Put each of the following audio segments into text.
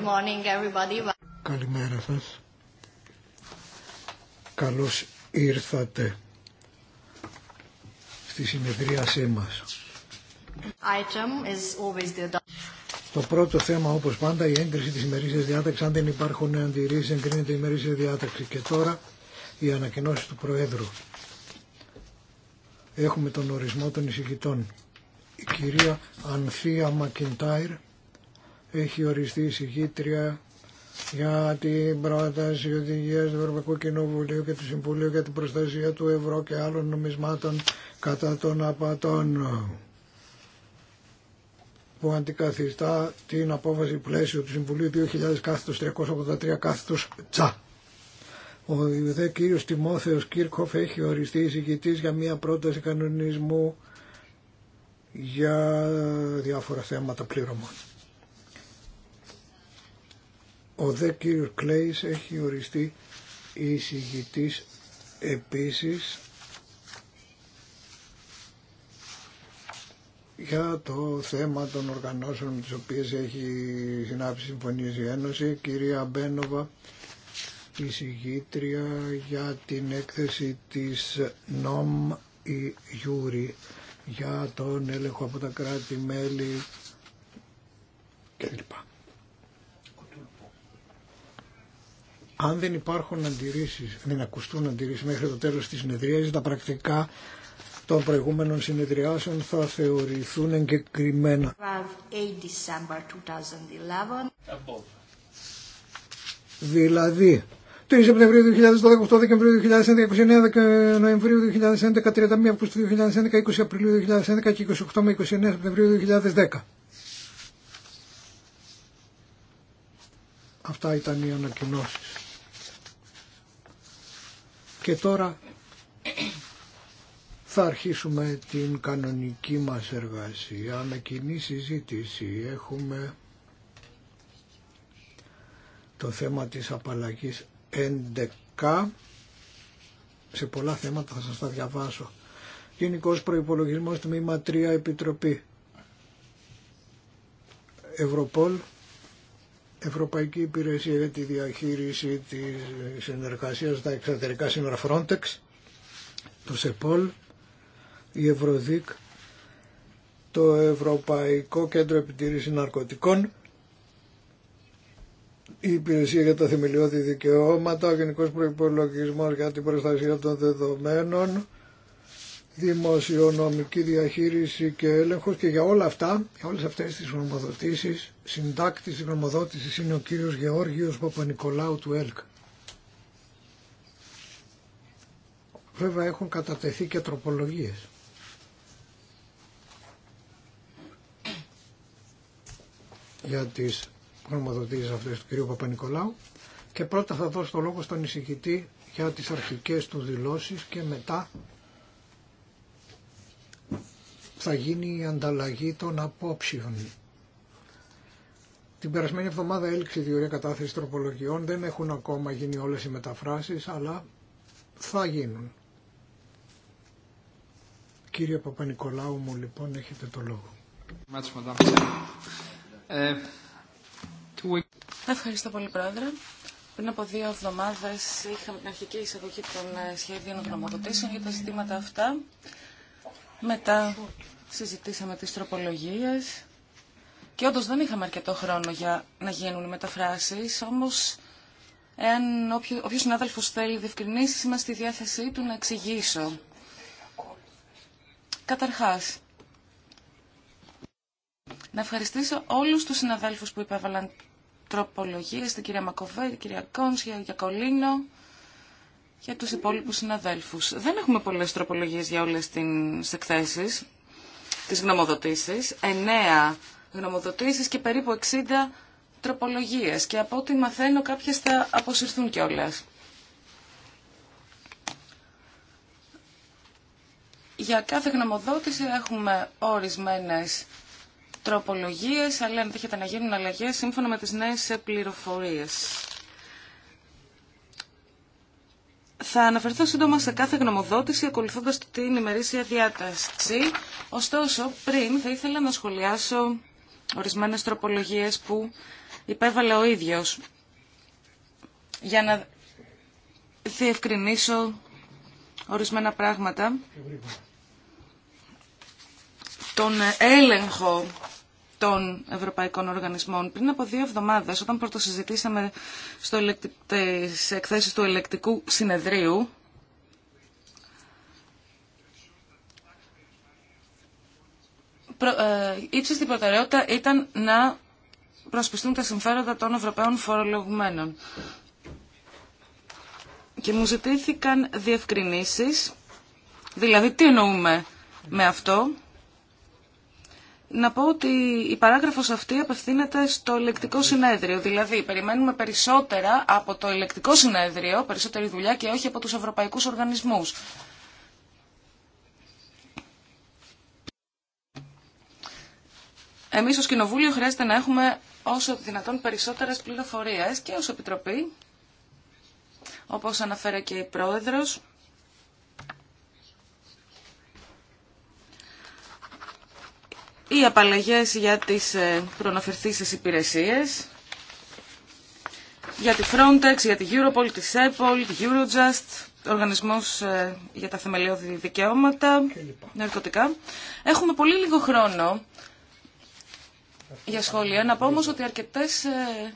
Good morning everybody. Καλημέρα σας. Καλώς ήρθατε στη συνεδρίασή μας. is always Το πρώτο θέμα όπως πάντα η έγκριση της ημερήσιας διάταξης. Αν δεν υπάρχουν αντιρρήσεις εγκρίνεται η ημερήσια διάταξη. Και τώρα η ανακοινώσει του Προέδρου. Έχουμε τον ορισμό των εισηγητών. Η κυρία Ανθία Μακιντάιρ έχει οριστεί η συγκήτρια για την πρόταση οδηγία του Ευρωπαϊκού Κοινοβουλίου και του Συμβουλίου για την προστασία του ευρώ και άλλων νομισμάτων κατά των απατών που αντικαθιστά την απόφαση πλαίσιο του Συμβουλίου 2000 383 κάθετος τσα. Ο δε κύριος Τιμόθεος Κίρκοφ έχει οριστεί εισηγητής για μια πρόταση κανονισμού για διάφορα θέματα πλήρωμα. Ο δε κύριος Κλέης έχει οριστεί εισηγητής επίσης για το θέμα των οργανώσεων με τις οποίες έχει συνάψει συμφωνίες η Ένωση, κυρία Μπένοβα, η για την έκθεση της ΝΟΜ η Γιούρη για τον έλεγχο από τα κράτη-μέλη κλπ. Αν δεν υπάρχουν αντιρρήσεις, δεν ακουστούν αντιρρήσει μέχρι το τέλος της συνεδρία, τα πρακτικά των προηγούμενων συνεδριάσεων θα θεωρηθούν εγκεκριμένα. Δηλαδή, 3 Σεπτεμβρίου 2012, 8 Δεκεμβρίου 2011, 29 Νοεμβρίου 2011, 31 Αυγούστου 2011, 20 Απριλίου 2011 και 28 με 29 Σεπτεμβρίου 2010. Αυτά ήταν οι ανακοινώσει. Και τώρα θα αρχίσουμε την κανονική μας εργασία με κοινή συζήτηση. Έχουμε το θέμα της απαλλαγής 11. Σε πολλά θέματα θα σας τα διαβάσω. Γενικό προϋπολογισμός τμήμα 3 Επιτροπή. Ευρωπόλ Ευρωπαϊκή Υπηρεσία για τη Διαχείριση της Συνεργασίας στα Εξωτερικά Σύνορα Frontex, το ΣΕΠΟΛ, η Ευρωδίκ, το Ευρωπαϊκό Κέντρο Επιτήρησης Ναρκωτικών, η Υπηρεσία για τα Θεμελιώδη Δικαιώματα, ο Γενικός Προϋπολογισμός για την Προστασία των Δεδομένων, δημοσιονομική διαχείριση και έλεγχος και για όλα αυτά, για όλες αυτές τις γνωμοδοτήσεις, συντάκτης της γνωμοδότησης είναι ο κύριος Γεώργιος Παπα-Νικολάου του ΕΛΚ. Βέβαια έχουν κατατεθεί και τροπολογίες. για τις γνωμοδοτήσεις αυτές του κυρίου Παπα-Νικολάου και πρώτα θα δώσω το λόγο στον εισηγητή για τις αρχικές του δηλώσεις και μετά θα γίνει η ανταλλαγή των απόψεων. Την περασμένη εβδομάδα έληξε η διορία κατάθεση τροπολογιών. Δεν έχουν ακόμα γίνει όλες οι μεταφράσεις, αλλά θα γίνουν. Κύριε Παπα-Νικολάου μου, λοιπόν, έχετε το λόγο. Ευχαριστώ πολύ, Πρόεδρε. Πριν από δύο εβδομάδες είχαμε την αρχική εισαγωγή των ε, σχεδίων γνωμοδοτήσεων για τα ζητήματα αυτά. Μετά συζητήσαμε τις τροπολογίες και όντως δεν είχαμε αρκετό χρόνο για να γίνουν οι μεταφράσεις, όμως εάν όποιο, όποιος συνάδελφος θέλει διευκρινήσεις είμαστε στη διάθεσή του να εξηγήσω. Καταρχάς, να ευχαριστήσω όλους τους συναδέλφους που υπέβαλαν τροπολογίες, την κυρία Μακοβέ, την κυρία Κόνσια, για Κολίνο, για τους υπόλοιπους συναδέλφους. Δεν έχουμε πολλές τροπολογίες για όλες τις εκθέσεις, τις γνωμοδοτήσεις. Εννέα γνωμοδοτήσεις και περίπου 60 τροπολογίες. Και από ό,τι μαθαίνω κάποιες θα αποσυρθούν κιόλα. Για κάθε γνωμοδότηση έχουμε ορισμένες τροπολογίες, αλλά ενδέχεται να γίνουν αλλαγές σύμφωνα με τις νέες πληροφορίες. Θα αναφερθώ σύντομα σε κάθε γνωμοδότηση ακολουθώντας την ημερήσια διάταξη. Ωστόσο, πριν θα ήθελα να σχολιάσω ορισμένες τροπολογίες που υπέβαλε ο ίδιος για να διευκρινίσω ορισμένα πράγματα. Τον έλεγχο των ευρωπαϊκών οργανισμών. Πριν από δύο εβδομάδες, όταν πρωτοσυζητήσαμε στο ελεκτι... εκθέσεις του ελεκτικού συνεδρίου, προ... Ε, ύψιστη προτεραιότητα ήταν να προσπιστούν τα συμφέροντα των Ευρωπαίων φορολογουμένων. Και μου ζητήθηκαν διευκρινήσεις, δηλαδή τι εννοούμε με αυτό, να πω ότι η παράγραφος αυτή απευθύνεται στο ελεκτικό συνέδριο. Δηλαδή, περιμένουμε περισσότερα από το ελεκτικό συνέδριο, περισσότερη δουλειά και όχι από τους ευρωπαϊκούς οργανισμούς. Εμείς ως Κοινοβούλιο χρειάζεται να έχουμε όσο δυνατόν περισσότερες πληροφορίες και ως Επιτροπή, όπως αναφέρε και η Πρόεδρος, οι απαλλαγές για τις ε, προναφερθήσεις υπηρεσίες, για τη Frontex, για τη Europol, τη Cepol, τη Eurojust, οργανισμός ε, για τα θεμελιώδη δικαιώματα, ναρκωτικά. Έχουμε πολύ λίγο χρόνο για σχόλια. Να πω όμως ότι αρκετές ε,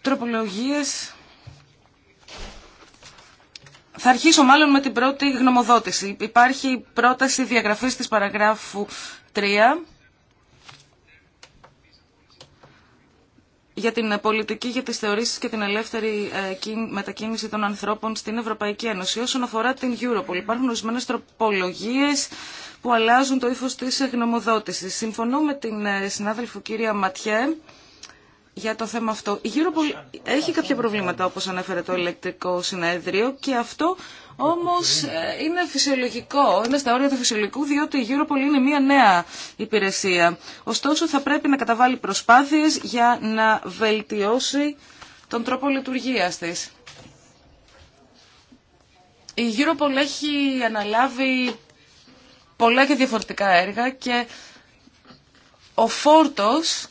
τροπολογίες θα αρχίσω μάλλον με την πρώτη γνωμοδότηση. Υπάρχει πρόταση διαγραφής της παραγράφου 3 για την πολιτική για τις θεωρήσεις και την ελεύθερη ε, μετακίνηση των ανθρώπων στην Ευρωπαϊκή Ένωση. Όσον αφορά την Europol, υπάρχουν ορισμένε τροπολογίες που αλλάζουν το ύφος της γνωμοδότησης. Συμφωνώ με την ε, συνάδελφο κυρία Ματιέ για το θέμα αυτό. Η Europol έχει κάποια προβλήματα όπως ανέφερε το ηλεκτρικό συνέδριο και αυτό όμως ε, είναι φυσιολογικό, είναι στα όρια του φυσιολογικού διότι η Europol είναι μια νέα υπηρεσία. Ωστόσο θα πρέπει να καταβάλει προσπάθειες για να βελτιώσει τον τρόπο λειτουργίας της. Η Europol έχει αναλάβει πολλά και διαφορετικά έργα και ο φόρτος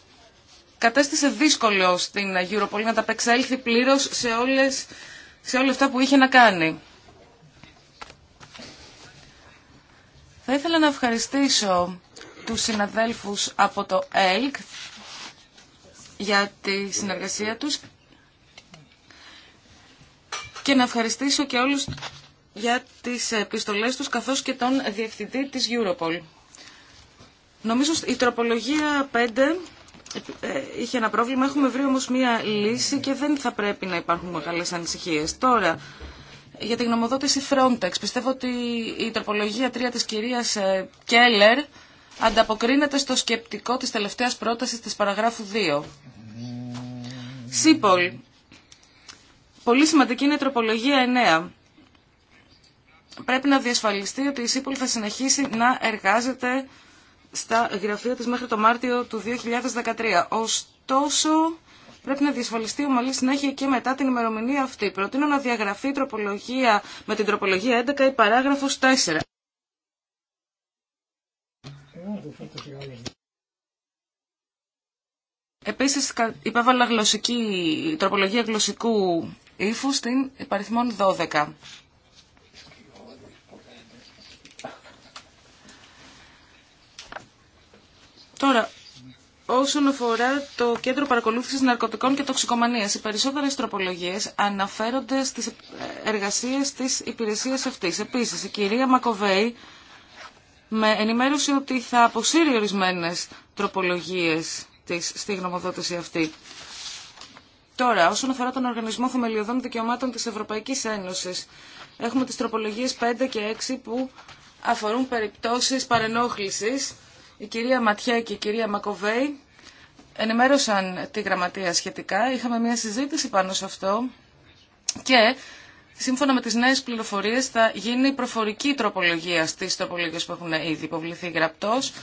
κατέστησε δύσκολο στην Europol να τα απεξέλθει πλήρω σε, όλες, σε όλα αυτά που είχε να κάνει. Θα ήθελα να ευχαριστήσω τους συναδέλφους από το ΕΛΚ για τη συνεργασία τους και να ευχαριστήσω και όλους για τις επιστολές τους καθώς και τον διευθυντή της Europol. Νομίζω η τροπολογία 5 ε, είχε ένα πρόβλημα. Έχουμε βρει όμως μία λύση και δεν θα πρέπει να υπάρχουν μεγάλες ανησυχίες. Τώρα, για την γνωμοδότηση Frontex, πιστεύω ότι η τροπολογία 3 της κυρίας Κέλλερ ανταποκρίνεται στο σκεπτικό της τελευταίας πρότασης της παραγράφου 2. ΣΥΠΟΛ. Πολύ σημαντική είναι η τροπολογία 9 πρέπει να διασφαλιστεί ότι η ΣΥΠΟΛ θα συνεχίσει να εργάζεται στα γραφεία της μέχρι το Μάρτιο του 2013. Ωστόσο, πρέπει να διασφαλιστεί ομαλή συνέχεια και μετά την ημερομηνία αυτή. Προτείνω να διαγραφεί η τροπολογία, με την τροπολογία 11 η παράγραφος 4. Επίσης υπέβαλα γλωσσική, τροπολογία γλωσσικού ύφου στην παριθμόν 12. Τώρα, όσον αφορά το Κέντρο Παρακολούθησης Ναρκωτικών και Τοξικομανίας, οι περισσότερες τροπολογίες αναφέρονται στις εργασίες της υπηρεσίας αυτής. Επίσης, η κυρία Μακοβέη με ενημέρωσε ότι θα αποσύρει ορισμένε τροπολογίες της στη γνωμοδότηση αυτή. Τώρα, όσον αφορά τον Οργανισμό Θεμελιωδών Δικαιωμάτων της Ευρωπαϊκής Ένωσης, έχουμε τις τροπολογίες 5 και 6 που αφορούν περιπτώσεις παρενόχλησης η κυρία Ματιέ και η κυρία Μακοβέη ενημέρωσαν τη γραμματεία σχετικά. Είχαμε μια συζήτηση πάνω σε αυτό και σύμφωνα με τις νέες πληροφορίες θα γίνει προφορική τροπολογία στις τροπολογίες που έχουν ήδη υποβληθεί γραπτός.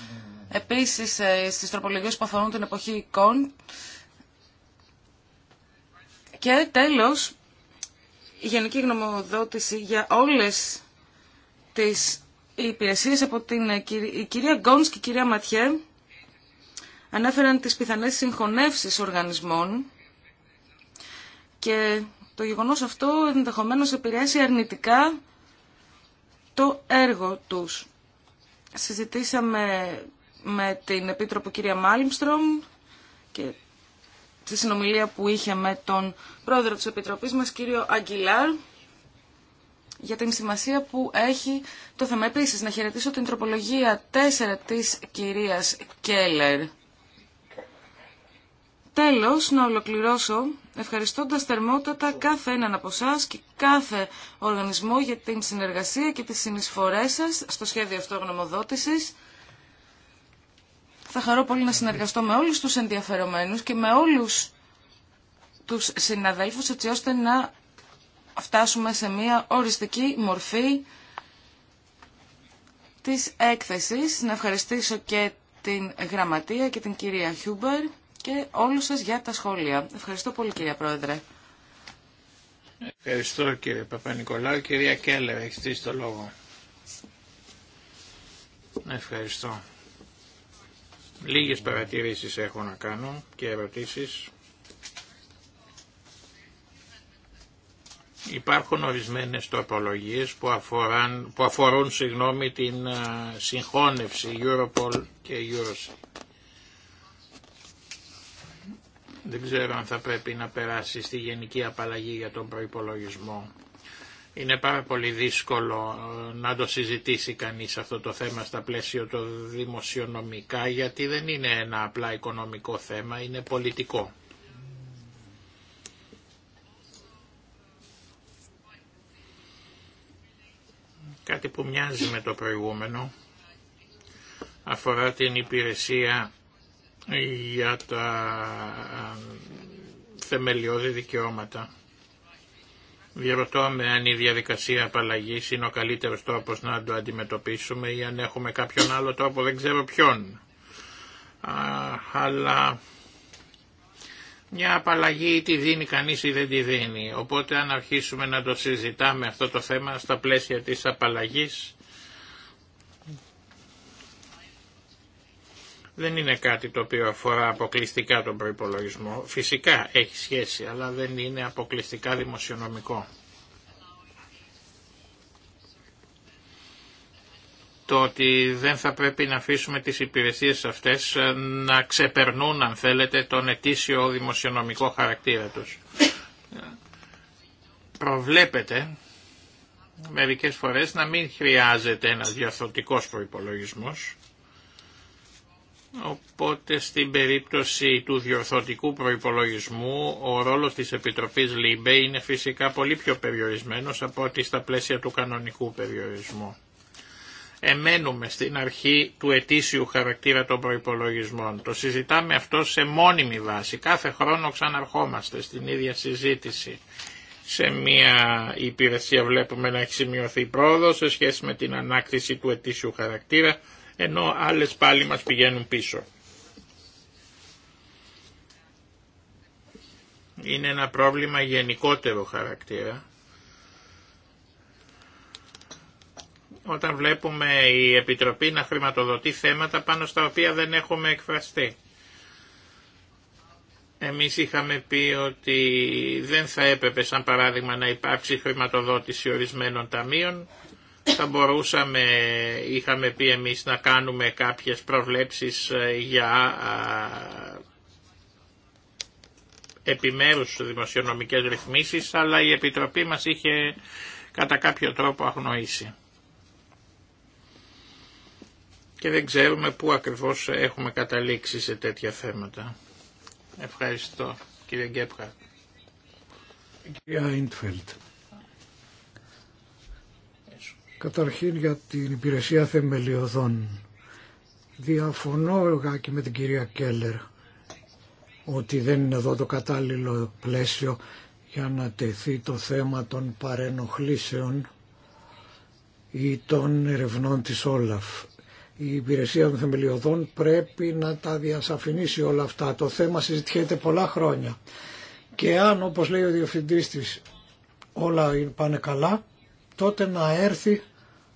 Επίσης ε, στις τροπολογίες που αφορούν την εποχή εικόν. Και τέλος, η γενική γνωμοδότηση για όλες τις οι υπηρεσίε από την ε, η κυρία Γκόντ και η κυρία Ματιέ ανέφεραν τις πιθανές συγχωνεύσεις οργανισμών και το γεγονός αυτό ενδεχομένως επηρεάσει αρνητικά το έργο τους. Συζητήσαμε με την Επίτροπο κυρία Μάλιμστρομ και στη συνομιλία που είχε με τον πρόεδρο της Επιτροπής μας κύριο Αγγιλάρ για την σημασία που έχει το θέμα. Επίσης, να χαιρετήσω την τροπολογία 4 της κυρίας Κέλλερ. Τέλος, να ολοκληρώσω ευχαριστώντας θερμότατα κάθε έναν από εσά και κάθε οργανισμό για την συνεργασία και τις συνεισφορές σας στο σχέδιο αυτό Θα χαρώ πολύ να συνεργαστώ με όλους τους ενδιαφερομένους και με όλους τους συναδέλφους έτσι ώστε να φτάσουμε σε μια οριστική μορφή της έκθεσης. Να ευχαριστήσω και την Γραμματεία και την κυρία Χιούμπερ και όλους σας για τα σχόλια. Ευχαριστώ πολύ κυρία Πρόεδρε. Ευχαριστώ κύριε Παπα-Νικολάου. Κυρία Κέλλερ, έχετε το λόγο. Ευχαριστώ. Λίγες παρατηρήσεις έχω να κάνω και ερωτήσεις. Υπάρχουν ορισμένες τροπολογίες που, αφοράν, που αφορούν συγγνώμη, την ε, συγχώνευση Europol και Eurosea. Δεν ξέρω αν θα πρέπει να περάσει στη γενική απαλλαγή για τον προϋπολογισμό. Είναι πάρα πολύ δύσκολο ε, να το συζητήσει κανείς αυτό το θέμα στα πλαίσια το δημοσιονομικά γιατί δεν είναι ένα απλά οικονομικό θέμα, είναι πολιτικό. Κάτι που μοιάζει με το προηγούμενο αφορά την υπηρεσία για τα θεμελιώδη δικαιώματα. Διαρωτώ με αν η διαδικασία απαλλαγή είναι ο καλύτερος τρόπος να το αντιμετωπίσουμε ή αν έχουμε κάποιον άλλο τρόπο, δεν ξέρω ποιον. αλλά μια απαλλαγή τη δίνει κανείς ή δεν τη δίνει. Οπότε αν αρχίσουμε να το συζητάμε αυτό το θέμα στα πλαίσια της απαλλαγής, δεν είναι κάτι το οποίο αφορά αποκλειστικά τον προϋπολογισμό. Φυσικά έχει σχέση, αλλά δεν είναι αποκλειστικά δημοσιονομικό. το ότι δεν θα πρέπει να αφήσουμε τις υπηρεσίες αυτές ε, να ξεπερνούν, αν θέλετε, τον ετήσιο δημοσιονομικό χαρακτήρα τους. Προβλέπετε μερικές φορές να μην χρειάζεται ένας διαθωτικός προϋπολογισμός, Οπότε στην περίπτωση του διορθωτικού προϋπολογισμού ο ρόλος της Επιτροπής ΛΥΜΠΕ είναι φυσικά πολύ πιο περιορισμένος από ότι στα πλαίσια του κανονικού περιορισμού εμένουμε στην αρχή του ετήσιου χαρακτήρα των προϋπολογισμών. Το συζητάμε αυτό σε μόνιμη βάση. Κάθε χρόνο ξαναρχόμαστε στην ίδια συζήτηση. Σε μία υπηρεσία βλέπουμε να έχει σημειωθεί πρόοδο σε σχέση με την ανάκτηση του ετήσιου χαρακτήρα, ενώ άλλες πάλι μας πηγαίνουν πίσω. Είναι ένα πρόβλημα γενικότερο χαρακτήρα όταν βλέπουμε η Επιτροπή να χρηματοδοτεί θέματα πάνω στα οποία δεν έχουμε εκφραστεί. Εμείς είχαμε πει ότι δεν θα έπρεπε σαν παράδειγμα να υπάρξει χρηματοδότηση ορισμένων ταμείων. Θα μπορούσαμε, είχαμε πει εμείς, να κάνουμε κάποιες προβλέψεις ε, για επιμέρους δημοσιονομικές ρυθμίσεις, αλλά η Επιτροπή μας είχε κατά κάποιο τρόπο αγνοήσει και δεν ξέρουμε πού ακριβώς έχουμε καταλήξει σε τέτοια θέματα. Ευχαριστώ κύριε Γκέπχαρτ. Κύριε Άιντφελτ. Καταρχήν για την υπηρεσία θεμελιωδών. Διαφωνώ και με την κυρία Κέλλερ ότι δεν είναι εδώ το κατάλληλο πλαίσιο για να τεθεί το θέμα των παρενοχλήσεων ή των ερευνών της Όλαφ η υπηρεσία των θεμελιωδών πρέπει να τα διασαφηνίσει όλα αυτά. Το θέμα συζητιέται πολλά χρόνια. Και αν, όπως λέει ο διευθυντής της, όλα πάνε καλά, τότε να έρθει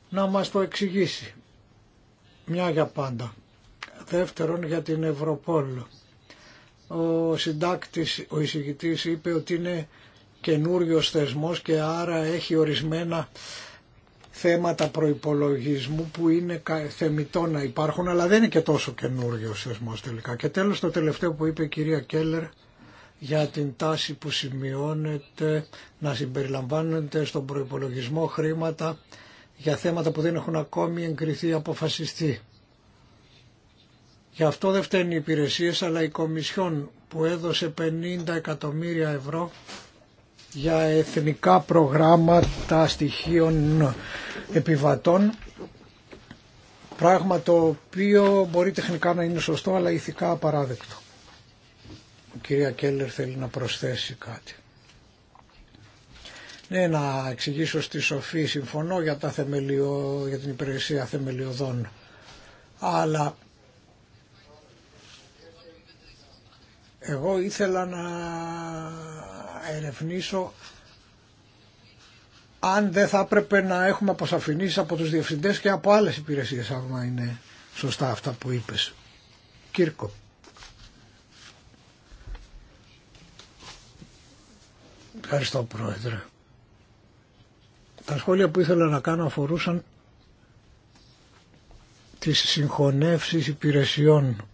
να μας το εξηγήσει. Μια για πάντα. Δεύτερον για την Ευρωπόλ. Ο συντάκτης, ο εισηγητής είπε ότι είναι καινούριο θεσμός και άρα έχει ορισμένα θέματα προϋπολογισμού που είναι θεμητό να υπάρχουν αλλά δεν είναι και τόσο καινούργιο ο τελικά. Και τέλος το τελευταίο που είπε η κυρία Κέλλερ για την τάση που σημειώνεται να συμπεριλαμβάνονται στον προϋπολογισμό χρήματα για θέματα που δεν έχουν ακόμη εγκριθεί αποφασιστεί. Γι' αυτό δεν φταίνουν οι υπηρεσίες αλλά η Κομισιόν που έδωσε 50 εκατομμύρια ευρώ για εθνικά προγράμματα στοιχείων επιβατών πράγμα το οποίο μπορεί τεχνικά να είναι σωστό αλλά ηθικά απαράδεκτο. Η κυρία Κέλλερ θέλει να προσθέσει κάτι. Ναι, να εξηγήσω στη Σοφή, συμφωνώ για, τα θεμελιο... για την υπηρεσία θεμελιωδών, αλλά εγώ ήθελα να ερευνήσω αν δεν θα έπρεπε να έχουμε αποσαφηνίσει από τους διευθυντές και από άλλες υπηρεσίες άμα είναι σωστά αυτά που είπες. Κύρκο. Ευχαριστώ Πρόεδρε. Τα σχόλια που ήθελα να κάνω αφορούσαν τις συγχωνεύσεις υπηρεσιών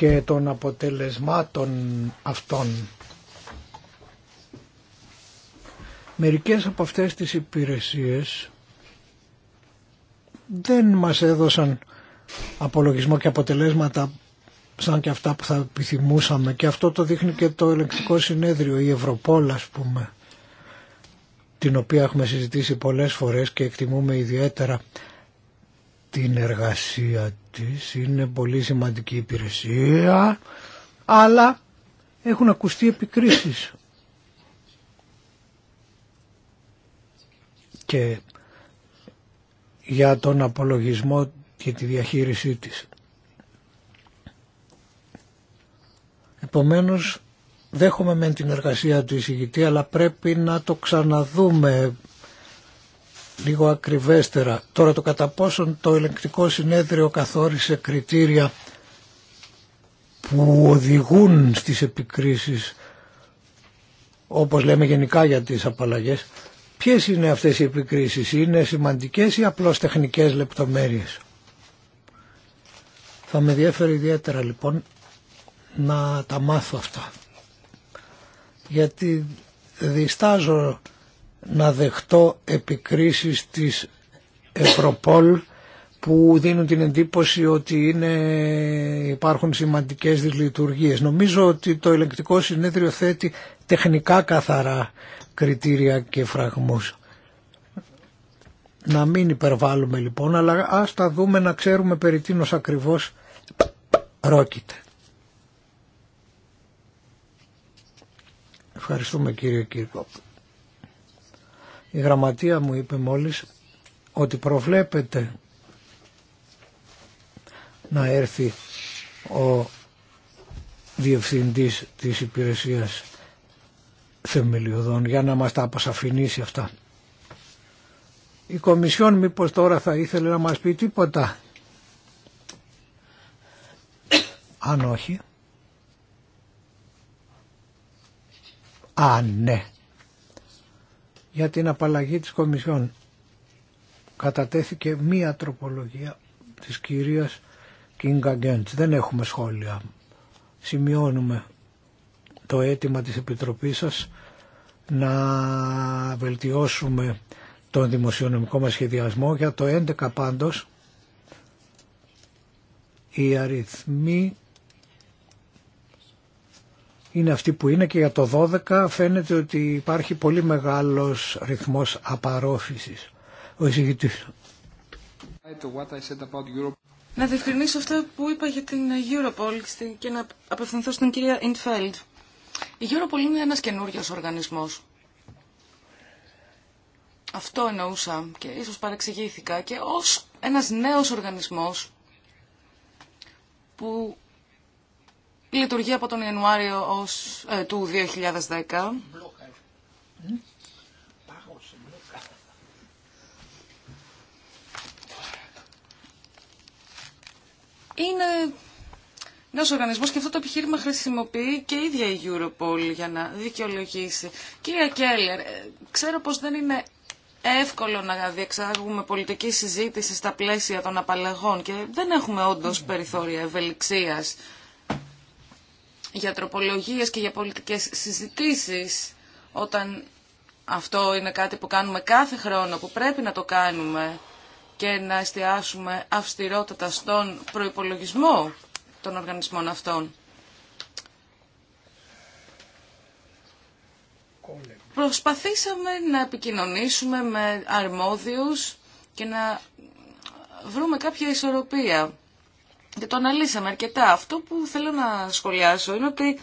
και των αποτελεσμάτων αυτών. Μερικές από αυτές τις υπηρεσίες δεν μας έδωσαν απολογισμό και αποτελέσματα σαν και αυτά που θα επιθυμούσαμε και αυτό το δείχνει και το ελεκτικό συνέδριο, η Ευρωπόλα, ας πούμε την οποία έχουμε συζητήσει πολλές φορές και εκτιμούμε ιδιαίτερα την εργασία είναι πολύ σημαντική υπηρεσία, αλλά έχουν ακουστεί επικρίσεις. Και για τον απολογισμό και τη διαχείρισή της. Επομένως, δέχομαι με την εργασία του εισηγητή, αλλά πρέπει να το ξαναδούμε λίγο ακριβέστερα. Τώρα το κατά πόσον το ελεγκτικό συνέδριο καθόρισε κριτήρια που οδηγούν στις επικρίσεις όπως λέμε γενικά για τις απαλλαγές ποιες είναι αυτές οι επικρίσεις είναι σημαντικές ή απλώς τεχνικές λεπτομέρειες θα με διέφερε ιδιαίτερα λοιπόν να τα μάθω αυτά γιατί διστάζω να δεχτώ επικρίσεις της Ευρωπόλ που δίνουν την εντύπωση ότι είναι, υπάρχουν σημαντικές δυσλειτουργίες. Νομίζω ότι το ελεγκτικό συνέδριο θέτει τεχνικά καθαρά κριτήρια και φραγμούς. Να μην υπερβάλλουμε λοιπόν, αλλά ας τα δούμε να ξέρουμε περί τίνος ακριβώς πρόκειται. Ευχαριστούμε κύριε Κύρκοπ. Η γραμματεία μου είπε μόλις ότι προβλέπεται να έρθει ο διευθυντής της υπηρεσίας θεμελιωδών για να μας τα αποσαφηνίσει αυτά. Η Κομισιόν μήπως τώρα θα ήθελε να μας πει τίποτα. Αν όχι. Α, ναι για την απαλλαγή της Κομισιόν. Κατατέθηκε μία τροπολογία της κυρίας Κίνγκα Γκέντς. Δεν έχουμε σχόλια. Σημειώνουμε το αίτημα της Επιτροπής σας να βελτιώσουμε τον δημοσιονομικό μας σχεδιασμό. Για το 11 πάντως οι αριθμοί είναι αυτή που είναι και για το 12 φαίνεται ότι υπάρχει πολύ μεγάλος ρυθμός απαρόφησης. Ο εισηγητής. Να διευκρινίσω αυτό που είπα για την Europol και να απευθυνθώ στην κυρία Ιντφέλντ. Η Europol είναι ένας καινούριος οργανισμός. Αυτό εννοούσα και ίσως παρεξηγήθηκα και ως ένας νέος οργανισμός που λειτουργεί από τον Ιανουάριο ε, του 2010. Είναι ένα οργανισμό και αυτό το επιχείρημα χρησιμοποιεί και η ίδια η Europol για να δικαιολογήσει. Κύριε Κέλλερ, ε, ξέρω πως δεν είναι εύκολο να διεξάγουμε πολιτική συζήτηση στα πλαίσια των απαλλαγών και δεν έχουμε όντως περιθώρια ευελιξίας για τροπολογίες και για πολιτικές συζητήσεις όταν αυτό είναι κάτι που κάνουμε κάθε χρόνο, που πρέπει να το κάνουμε και να εστιάσουμε αυστηρότατα στον προϋπολογισμό των οργανισμών αυτών. Προσπαθήσαμε να επικοινωνήσουμε με αρμόδιους και να βρούμε κάποια ισορροπία και το αναλύσαμε αρκετά. Αυτό που θέλω να σχολιάσω είναι ότι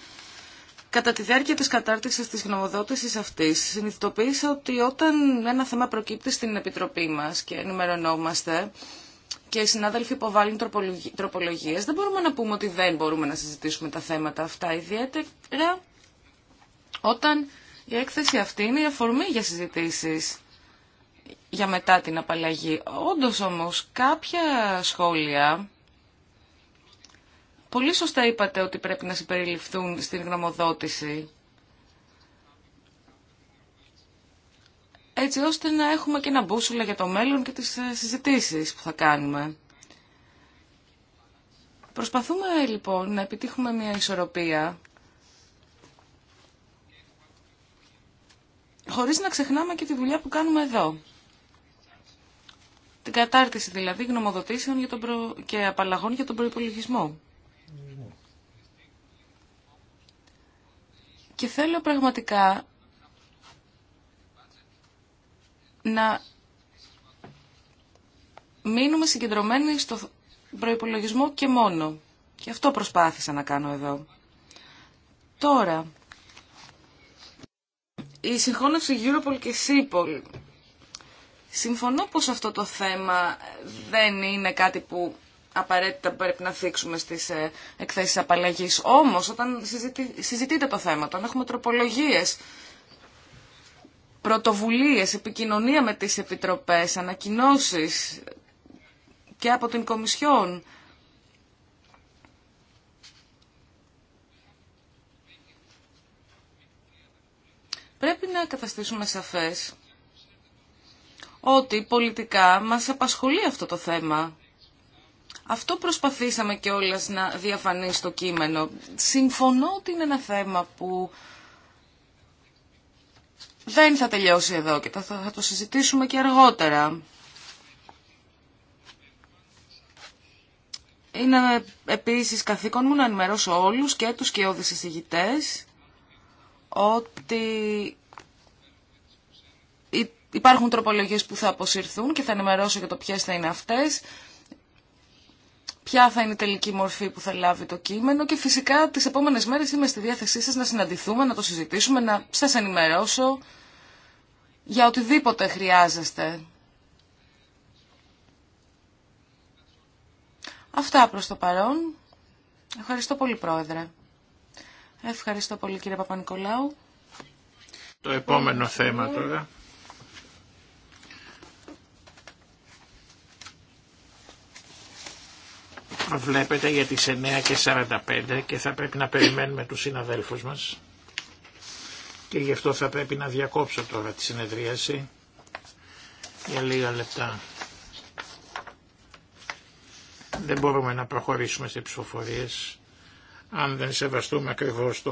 κατά τη διάρκεια της κατάρτισης της γνωμοδότησης αυτής συνειδητοποίησα ότι όταν ένα θέμα προκύπτει στην Επιτροπή μας και ενημερωνόμαστε και οι συνάδελφοι υποβάλλουν τροπολογίες, δεν μπορούμε να πούμε ότι δεν μπορούμε να συζητήσουμε τα θέματα αυτά, ιδιαίτερα όταν η έκθεση αυτή είναι η αφορμή για συζητήσεις για μετά την απαλλαγή. Όντως όμως κάποια σχόλια Πολύ σωστά είπατε ότι πρέπει να συμπεριληφθούν στην γνωμοδότηση. Έτσι ώστε να έχουμε και ένα μπούσουλα για το μέλλον και τις ε, συζητήσεις που θα κάνουμε. Προσπαθούμε λοιπόν να επιτύχουμε μια ισορροπία χωρίς να ξεχνάμε και τη δουλειά που κάνουμε εδώ. Την κατάρτιση δηλαδή γνωμοδοτήσεων για τον και απαλλαγών για τον προϋπολογισμό. Και θέλω πραγματικά να μείνουμε συγκεντρωμένοι στο προϋπολογισμό και μόνο. Και αυτό προσπάθησα να κάνω εδώ. Τώρα, η συγχώνευση Europol και Σίπολ. Συμφωνώ πως αυτό το θέμα δεν είναι κάτι που απαραίτητα πρέπει να θίξουμε στις ε, εκθέσεις απαλλαγή. Όμως, όταν συζητείτε το θέμα, όταν έχουμε τροπολογίε. Πρωτοβουλίε, επικοινωνία με τις επιτροπές, ανακοινώσει και από την Κομισιόν, πρέπει να καταστήσουμε σαφές ότι πολιτικά μας απασχολεί αυτό το θέμα. Αυτό προσπαθήσαμε και όλας να διαφανεί στο κείμενο. Συμφωνώ ότι είναι ένα θέμα που δεν θα τελειώσει εδώ και θα το συζητήσουμε και αργότερα. Είναι επίσης καθήκον μου να ενημερώσω όλους και τους και εισηγητές ότι υπάρχουν τροπολογίες που θα αποσυρθούν και θα ενημερώσω για το ποιες θα είναι αυτές ποια θα είναι η τελική μορφή που θα λάβει το κείμενο και φυσικά τις επόμενες μέρες είμαι στη διάθεσή σας να συναντηθούμε, να το συζητήσουμε, να σας ενημερώσω για οτιδήποτε χρειάζεστε. Αυτά προς το παρόν. Ευχαριστώ πολύ Πρόεδρε. Ευχαριστώ πολύ κύριε Παπα-Νικολάου. Το επόμενο θέμα τώρα Βλέπετε για τις 9 και 45 και θα πρέπει να περιμένουμε τους συναδέλφους μας και γι' αυτό θα πρέπει να διακόψω τώρα τη συνεδρίαση για λίγα λεπτά. Δεν μπορούμε να προχωρήσουμε σε ψηφοφορίες αν δεν σεβαστούμε ακριβώς το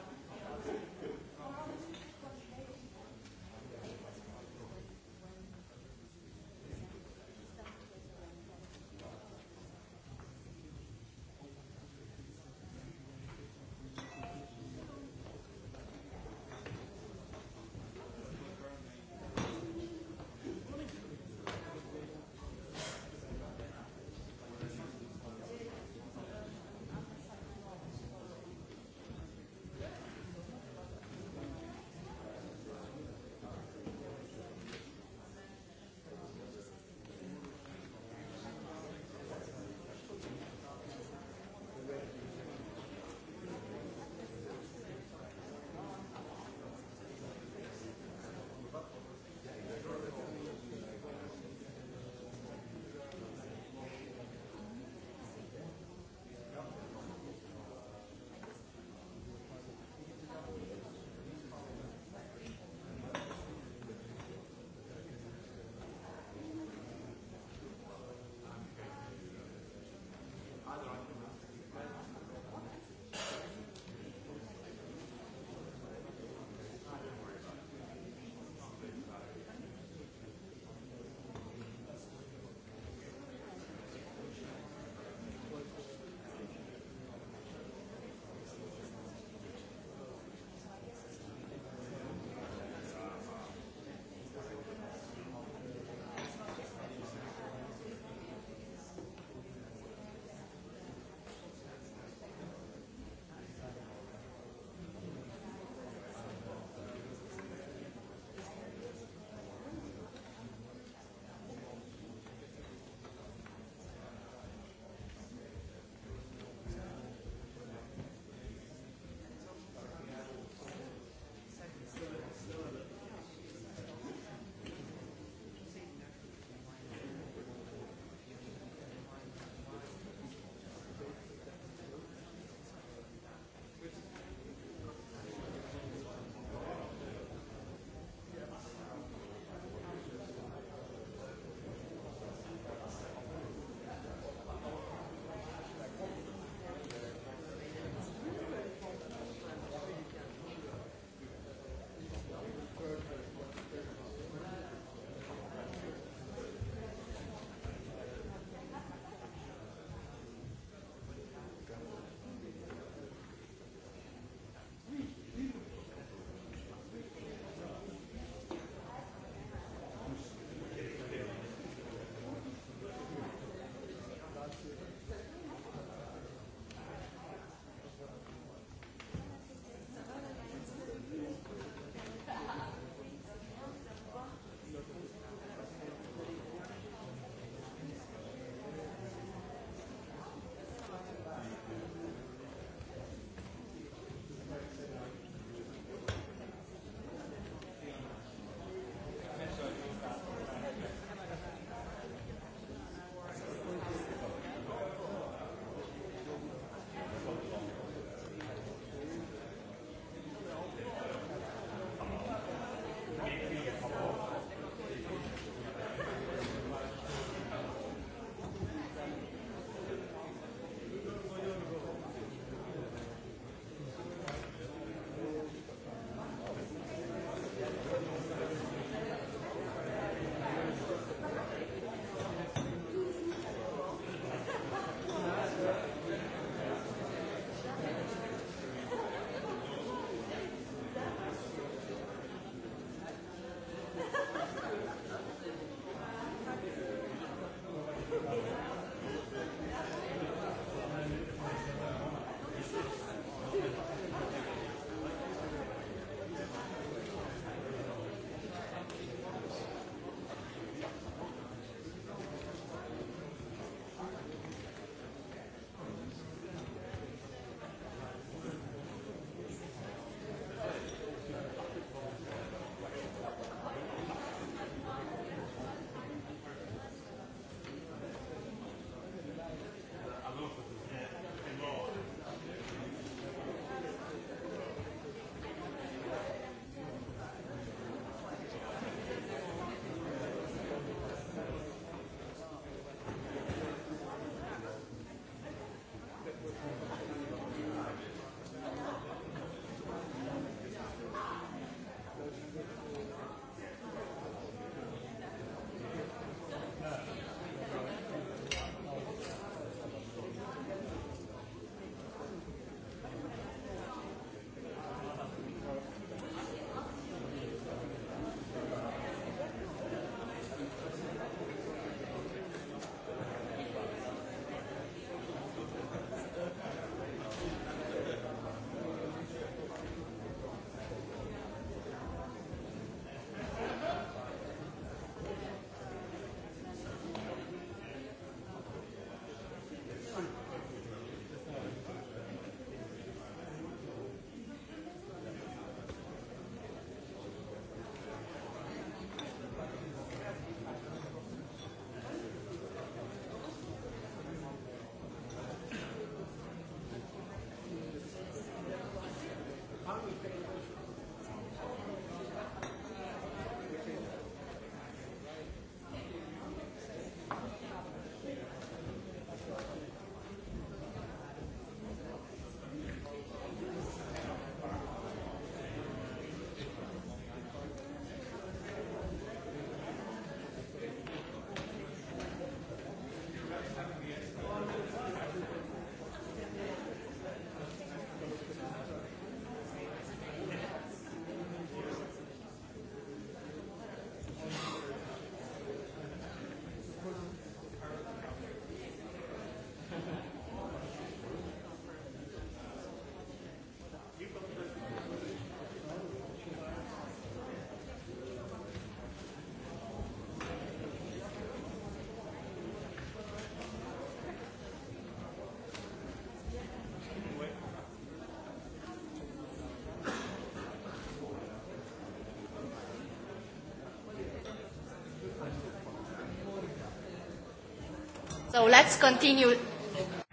So let's continue.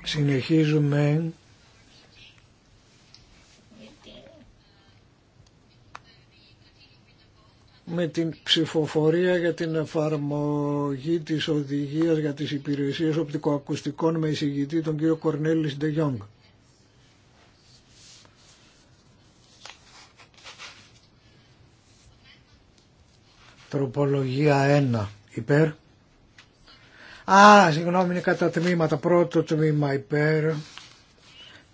Συνεχίζουμε. με την ψηφοφορία για την εφαρμογή της οδηγίας για τις υπηρεσίες οπτικοακουστικών με εισηγητή τον κύριο Κορνέλης Ντεγιόγκ. Τροπολογία 1. Υπέρ. Α, συγγνώμη, είναι κατά τμήματα. Πρώτο τμήμα υπέρ.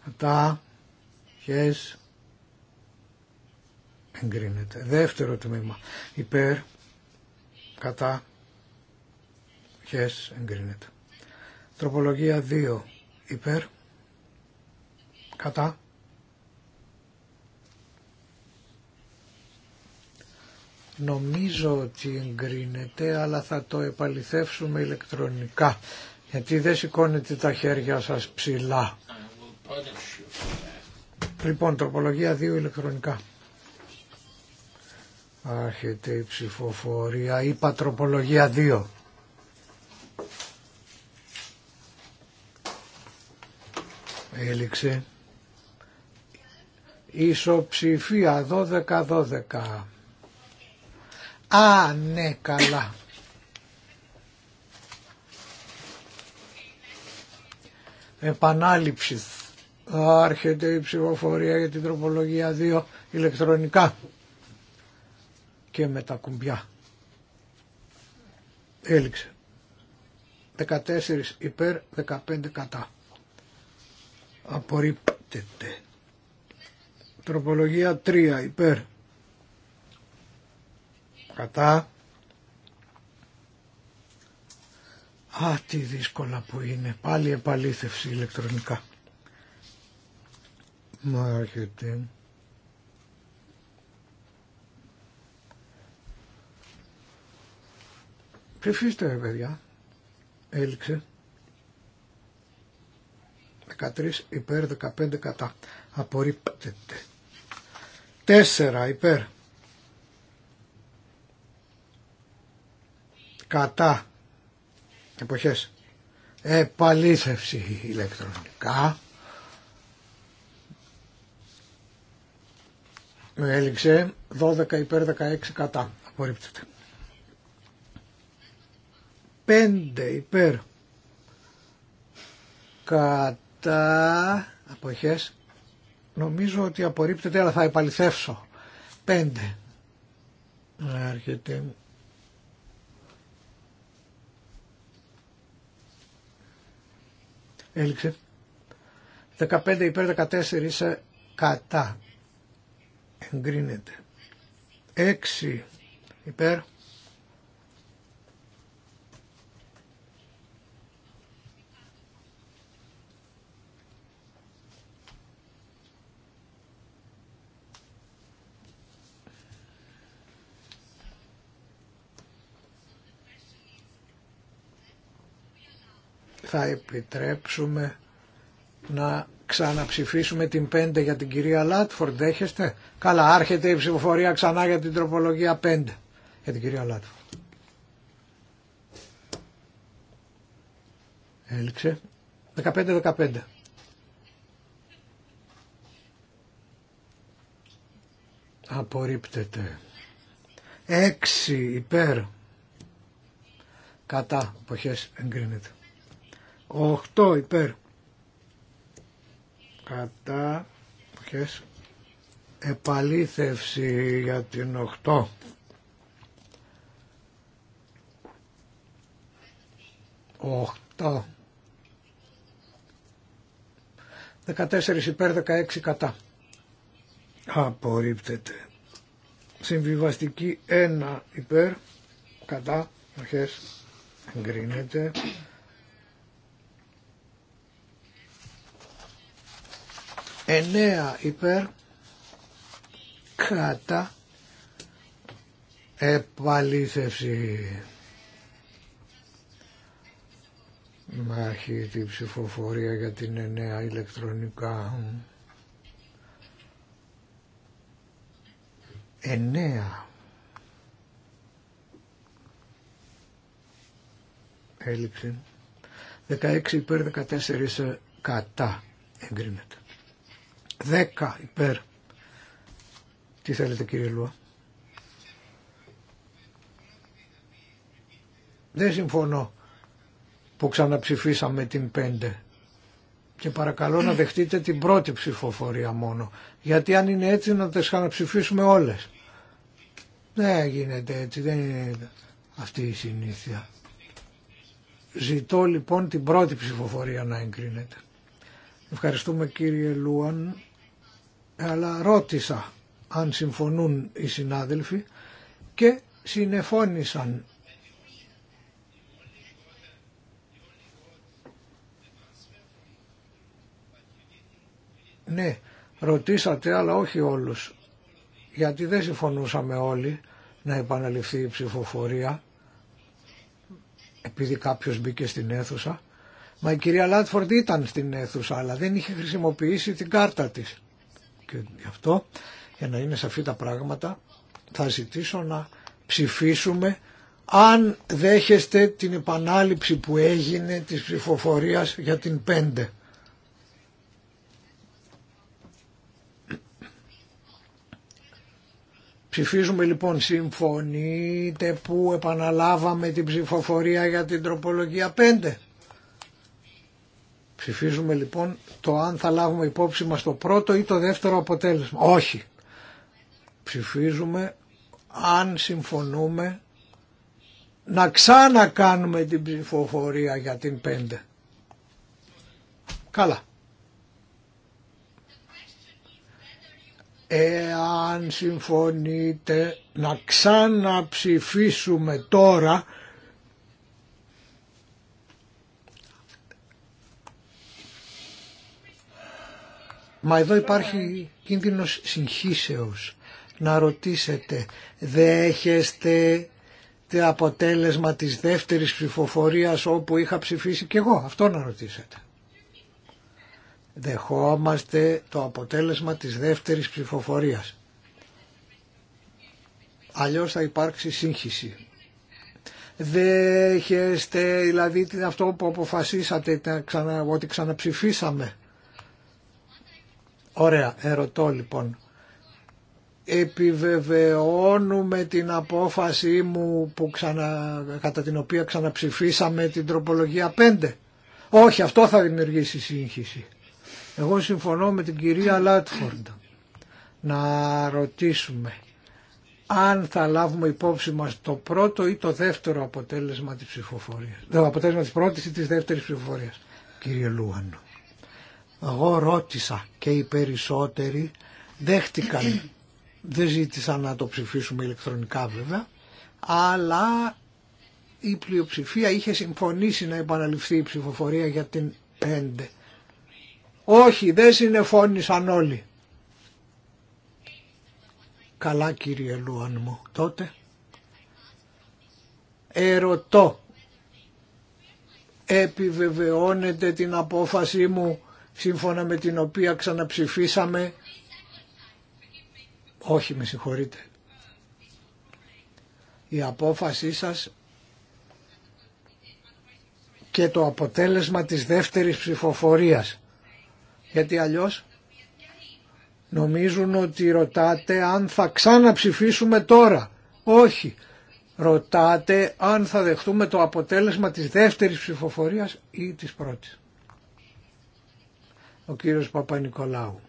Κατά. Χες. Εγκρίνεται. Δεύτερο τμήμα υπέρ. Κατά. Χες. Εγκρίνεται. Τροπολογία 2 υπέρ. Κατά. Νομίζω ότι εγκρίνεται, αλλά θα το επαληθεύσουμε ηλεκτρονικά, γιατί δεν σηκώνετε τα χέρια σας ψηλά. Λοιπόν, τροπολογία 2 ηλεκτρονικά. Άρχεται η ψηφοφορία. Είπα τροπολογία 2. Έληξε. Ισοψηφία 12-12. Α, ναι, καλά. Επανάληψη. Άρχεται η ψηφοφορία για την τροπολογία 2 ηλεκτρονικά και με τα κουμπιά. Έληξε. 14 υπέρ, 15 κατά. Απορρίπτεται. Τροπολογία 3 υπέρ Κατά. Α, τι δύσκολα που είναι. Πάλι επαλήθευση ηλεκτρονικά. Μα έρχεται. Ψηφίστε ρε παιδιά. Έληξε. 13 υπέρ, 15 κατά. Απορρίπτεται. 4 υπέρ. κατά εποχές επαλήθευση ηλεκτρονικά έληξε 12 υπέρ 16 κατά απορρίπτεται 5 υπέρ κατά αποχές νομίζω ότι απορρίπτεται αλλά θα επαληθεύσω 5 έρχεται έληξε 15 υπέρ 14 ε, κατά εγκρίνεται 6 υπέρ θα επιτρέψουμε να ξαναψηφίσουμε την 5 για την κυρία Λάτφορντ. Δέχεστε. Καλά, άρχεται η ψηφοφορία ξανά για την τροπολογία 5 για την κυρία Λάτφορντ. Έληξε. 15-15. Απορρίπτεται. 6 υπέρ. Κατά εποχές εγκρίνεται. 8 υπέρ κατά ποιες επαλήθευση για την 8 8 14 υπέρ 16 κατά απορρίπτεται συμβιβαστική 1 υπέρ κατά ποιες εγκρίνεται εννέα υπέρ κατά επαλήθευση. Μάχη την ψηφοφορία για την εννέα ηλεκτρονικά. εννέα έλειψη 16 υπέρ 14 ε, κατά εγκρίνεται. 10 υπέρ. Τι θέλετε κύριε Λουά. Δεν συμφωνώ που ξαναψηφίσαμε την 5 και παρακαλώ να δεχτείτε την πρώτη ψηφοφορία μόνο. Γιατί αν είναι έτσι να τις ξαναψηφίσουμε όλες. Δεν γίνεται έτσι, δεν είναι αυτή η συνήθεια. Ζητώ λοιπόν την πρώτη ψηφοφορία να εγκρίνεται. Ευχαριστούμε κύριε Λούαν, αλλά ρώτησα αν συμφωνούν οι συνάδελφοι και συνεφώνησαν. Ναι, ρωτήσατε αλλά όχι όλους, γιατί δεν συμφωνούσαμε όλοι να επαναληφθεί η ψηφοφορία επειδή κάποιος μπήκε στην αίθουσα Μα η κυρία Λάτφορντ ήταν στην αίθουσα, αλλά δεν είχε χρησιμοποιήσει την κάρτα της. Και γι' αυτό, για να είναι σαφή τα πράγματα, θα ζητήσω να ψηφίσουμε αν δέχεστε την επανάληψη που έγινε της ψηφοφορίας για την 5. Ψηφίζουμε λοιπόν συμφωνείτε που επαναλάβαμε την ψηφοφορία για την τροπολογία 5. Ψηφίζουμε λοιπόν το αν θα λάβουμε υπόψη μας το πρώτο ή το δεύτερο αποτέλεσμα. Όχι. Ψηφίζουμε αν συμφωνούμε να ξανακάνουμε την ψηφοφορία για την πέντε. Καλά. Εάν συμφωνείτε να ξαναψηφίσουμε τώρα Μα εδώ υπάρχει κίνδυνος συγχύσεως. Να ρωτήσετε, δέχεστε το αποτέλεσμα της δεύτερης ψηφοφορίας όπου είχα ψηφίσει και εγώ. Αυτό να ρωτήσετε. Δεχόμαστε το αποτέλεσμα της δεύτερης ψηφοφορίας. Αλλιώς θα υπάρξει σύγχυση. Δέχεστε δηλαδή αυτό που αποφασίσατε ότι ξαναψηφίσαμε Ωραία, ερωτώ λοιπόν. Επιβεβαιώνουμε την απόφαση μου που ξανα, κατά την οποία ξαναψηφίσαμε την τροπολογία 5. Όχι, αυτό θα δημιουργήσει σύγχυση. Εγώ συμφωνώ με την κυρία Λάτφορντ να ρωτήσουμε αν θα λάβουμε υπόψη μας το πρώτο ή το δεύτερο αποτέλεσμα της ψηφοφορίας. Το αποτέλεσμα της πρώτης ή της δεύτερης ψηφοφορίας. Κύριε Λούαν. Εγώ ρώτησα και οι περισσότεροι δέχτηκαν, δεν ζήτησαν να το ψηφίσουμε ηλεκτρονικά βέβαια, αλλά η πλειοψηφία είχε συμφωνήσει να επαναληφθεί η ψηφοφορία για την 5. Όχι, δεν συνεφώνησαν όλοι. Καλά κύριε Λούαν μου, τότε ερωτώ επιβεβαιώνετε την απόφαση μου σύμφωνα με την οποία ξαναψηφίσαμε όχι με συγχωρείτε η απόφασή σας και το αποτέλεσμα της δεύτερης ψηφοφορίας γιατί αλλιώς νομίζουν ότι ρωτάτε αν θα ξαναψηφίσουμε τώρα όχι ρωτάτε αν θα δεχτούμε το αποτέλεσμα της δεύτερης ψηφοφορίας ή της πρώτης ο κύριος Παπα-Νικολάου.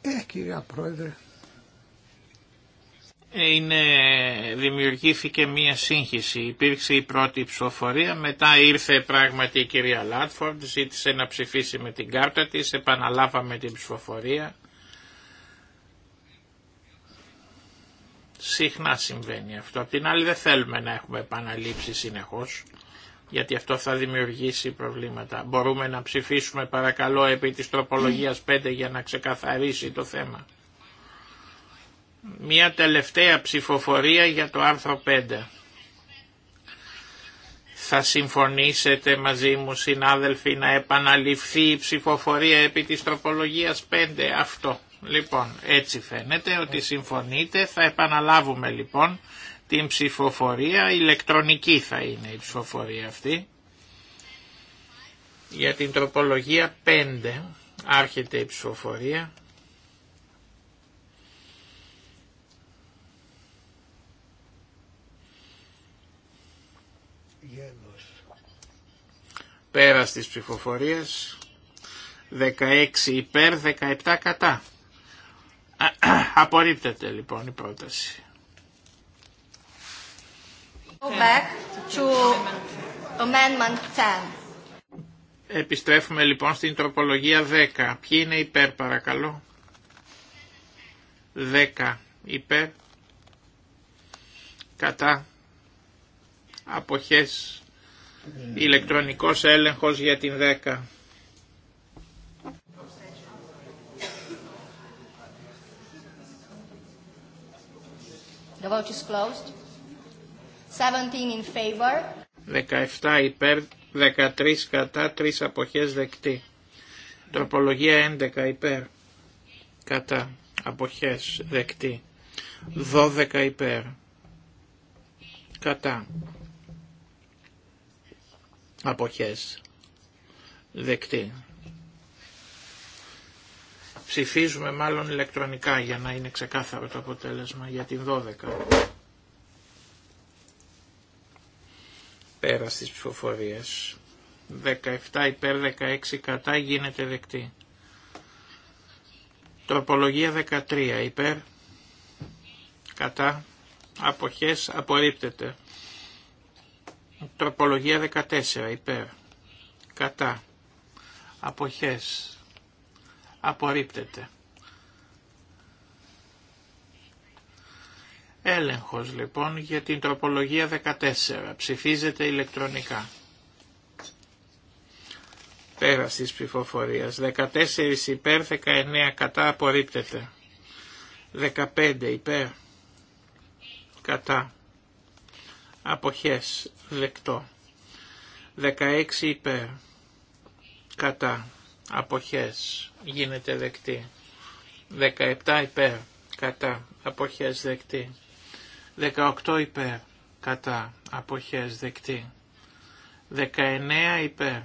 Ε, κυρία Πρόεδρε. Ε, είναι, δημιουργήθηκε μία σύγχυση. Υπήρξε η πρώτη ψηφοφορία, μετά ήρθε πράγματι η κυρία Λάτφορντ, ζήτησε να ψηφίσει με την κάρτα της, επαναλάβαμε την ψηφοφορία. Συχνά συμβαίνει αυτό. Απ' την άλλη δεν θέλουμε να έχουμε επαναλήψει συνεχώς γιατί αυτό θα δημιουργήσει προβλήματα. Μπορούμε να ψηφίσουμε παρακαλώ επί της τροπολογίας 5 ναι. για να ξεκαθαρίσει το θέμα. Μία τελευταία ψηφοφορία για το άρθρο 5. Θα συμφωνήσετε μαζί μου συνάδελφοι να επαναληφθεί η ψηφοφορία επί της τροπολογίας 5 αυτό. Λοιπόν, έτσι φαίνεται ότι συμφωνείτε. Θα επαναλάβουμε λοιπόν την ψηφοφορία, ηλεκτρονική θα είναι η ψηφοφορία αυτή, για την τροπολογία 5 άρχεται η ψηφοφορία. πέρας της ψηφοφορίας 16 υπέρ 17 κατά απορρίπτεται λοιπόν η πρόταση Επιστρέφουμε λοιπόν στην τροπολογία 10. Ποιοι είναι υπέρ παρακαλώ. 10 υπέρ. Κατά. Αποχές. Ηλεκτρονικός έλεγχος για την 10. The vote is closed. 17 in favor. 17 υπέρ, 13 κατά, 3 αποχές δεκτή. Τροπολογία 11 υπέρ, κατά, αποχές δεκτή. 12 υπέρ, κατά, αποχές δεκτή. Ψηφίζουμε μάλλον ηλεκτρονικά για να είναι ξεκάθαρο το αποτέλεσμα για την 12. Στι της ψηφοφορίας. 17 υπέρ 16 κατά γίνεται δεκτή. Τροπολογία 13 υπέρ κατά αποχές απορρίπτεται. Τροπολογία 14 υπέρ κατά αποχές απορρίπτεται. Έλεγχος λοιπόν για την τροπολογία 14. Ψηφίζεται ηλεκτρονικά. Πέραση της ψηφοφορίας. 14 υπέρ, 19 κατά απορρίπτεται. 15 υπέρ, κατά. Αποχές, δεκτό. 16 υπέρ, κατά. Αποχές, γίνεται δεκτή. 17 υπέρ, κατά. Αποχές δεκτή. 18 υπέρ κατά αποχές δεκτή. 19 υπέρ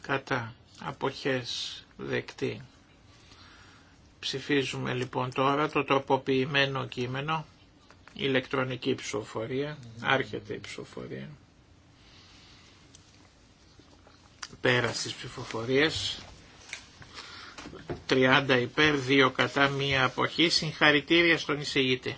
κατά αποχές δεκτή. Ψηφίζουμε λοιπόν τώρα το τροποποιημένο κείμενο, ηλεκτρονική ψηφοφορία, άρχεται η ψηφοφορία. Πέρα στις ψηφοφορίες, 30 υπέρ, 2 κατά, μία αποχή, συγχαρητήρια στον εισηγήτη.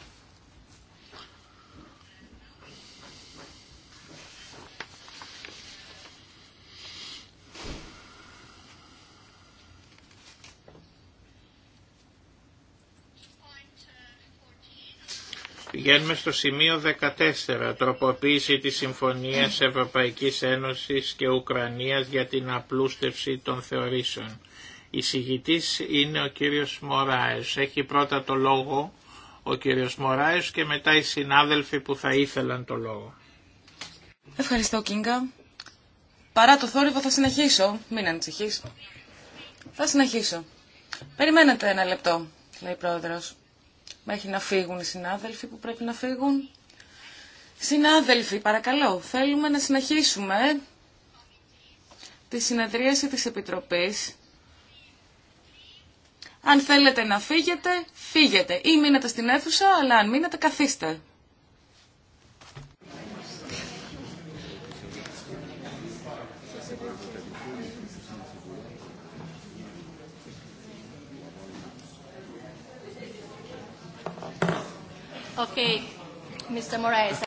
Πηγαίνουμε στο σημείο 14, τροποποίηση της Συμφωνίας Ευρωπαϊκής Ένωσης και Ουκρανίας για την απλούστευση των θεωρήσεων. Η συγητής είναι ο κύριος Μωράες. Έχει πρώτα το λόγο ο κύριος Μωράες και μετά οι συνάδελφοι που θα ήθελαν το λόγο. Ευχαριστώ Κίνγκα. Παρά το θόρυβο θα συνεχίσω. Μην ανησυχείς. Θα συνεχίσω. Περιμένετε ένα λεπτό, λέει η πρόεδρος. Μέχρι να φύγουν οι συνάδελφοι που πρέπει να φύγουν. Συνάδελφοι, παρακαλώ, θέλουμε να συνεχίσουμε τη συνεδρίαση της Επιτροπής. Αν θέλετε να φύγετε, φύγετε. Ή μείνετε στην αίθουσα, αλλά αν μείνετε, καθίστε. Okay. Mr. Moraes.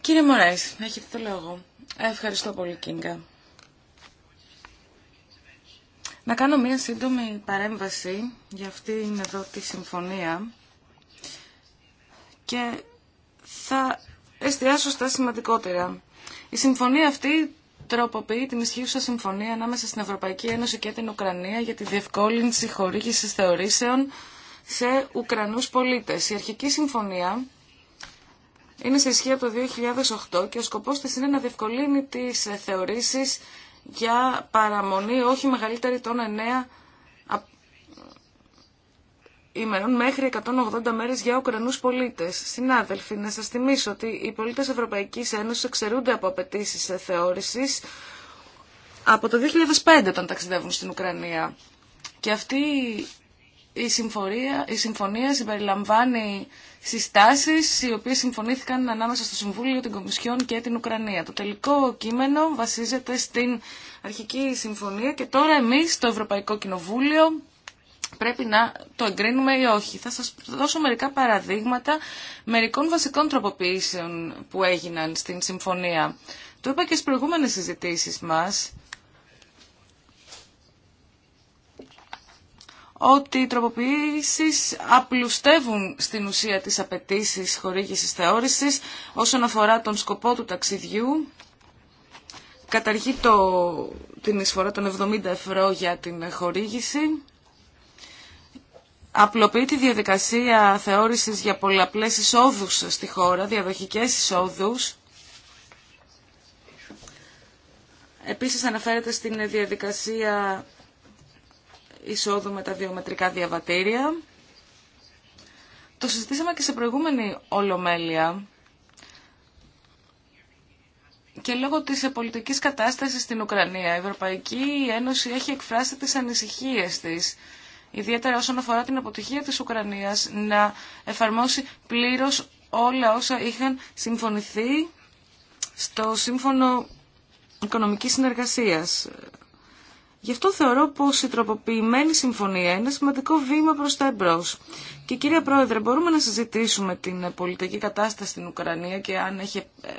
Κύριε Μωράης, έχετε το λόγο. Ευχαριστώ πολύ, Κίνγκα. Να κάνω μία σύντομη παρέμβαση για αυτήν εδώ τη συμφωνία και θα εστιάσω στα σημαντικότερα. Η συμφωνία αυτή τροποποιεί την ισχύουσα συμφωνία ανάμεσα στην Ευρωπαϊκή Ένωση και την Ουκρανία για τη διευκόλυνση χορήγησης θεωρήσεων σε Ουκρανούς πολίτες. Η αρχική συμφωνία είναι σε ισχύ από το 2008 και ο σκοπός της είναι να διευκολύνει τις θεωρήσεις για παραμονή όχι μεγαλύτερη των 9 ημερών μέχρι 180 μέρες για Ουκρανούς πολίτες. Συνάδελφοι, να σας θυμίσω ότι οι πολίτες Ευρωπαϊκής Ένωσης εξαιρούνται από απαιτήσει θεώρησης από το 2005 όταν ταξιδεύουν στην Ουκρανία. Και αυτή η, συμφορία, η συμφωνία συμπεριλαμβάνει συστάσεις οι οποίες συμφωνήθηκαν ανάμεσα στο Συμβούλιο, των Κομισιόν και την Ουκρανία. Το τελικό κείμενο βασίζεται στην αρχική συμφωνία και τώρα εμείς το Ευρωπαϊκό Κοινοβούλιο πρέπει να το εγκρίνουμε ή όχι. Θα σας δώσω μερικά παραδείγματα μερικών βασικών τροποποιήσεων που έγιναν στην συμφωνία. Το είπα και στις προηγούμενες συζητήσεις μας. ότι οι τροποποιήσεις απλουστεύουν στην ουσία τις απαιτήσει χορήγηση θεώρησης όσον αφορά τον σκοπό του ταξιδιού. Καταργεί το, την εισφορά των 70 ευρώ για την χορήγηση. Απλοποιεί τη διαδικασία θεώρησης για πολλαπλές εισόδους στη χώρα, διαδοχικές εισόδους. Επίσης αναφέρεται στην διαδικασία εισόδου με τα βιομετρικά διαβατήρια. Το συζητήσαμε και σε προηγούμενη ολομέλεια και λόγω της πολιτικής κατάστασης στην Ουκρανία η Ευρωπαϊκή Ένωση έχει εκφράσει τις ανησυχίες της ιδιαίτερα όσον αφορά την αποτυχία της Ουκρανίας να εφαρμόσει πλήρως όλα όσα είχαν συμφωνηθεί στο Σύμφωνο Οικονομικής Συνεργασίας Γι' αυτό θεωρώ πως η τροποποιημένη συμφωνία είναι σημαντικό βήμα προ τα εμπρός. Και κυρία Πρόεδρε, μπορούμε να συζητήσουμε την ε, πολιτική κατάσταση στην Ουκρανία και αν έχει ε,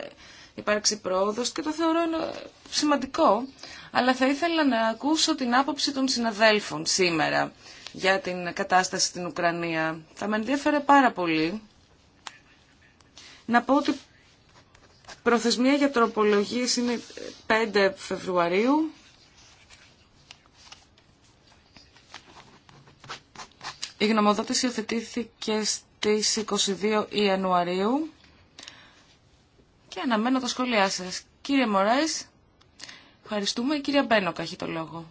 υπάρξει πρόοδος και το θεωρώ ε, σημαντικό. Αλλά θα ήθελα να ακούσω την άποψη των συναδέλφων σήμερα για την κατάσταση στην Ουκρανία. Θα με ενδιαφέρε πάρα πολύ να πω ότι προθεσμία για τροπολογίες είναι 5 Φεβρουαρίου Η γνωμοδότηση υιοθετήθηκε στις 22 Ιανουαρίου και αναμένω τα σχόλιά σας. Κύριε Μωρές, ευχαριστούμε. Η κυρία Μπένοκα έχει το λόγο.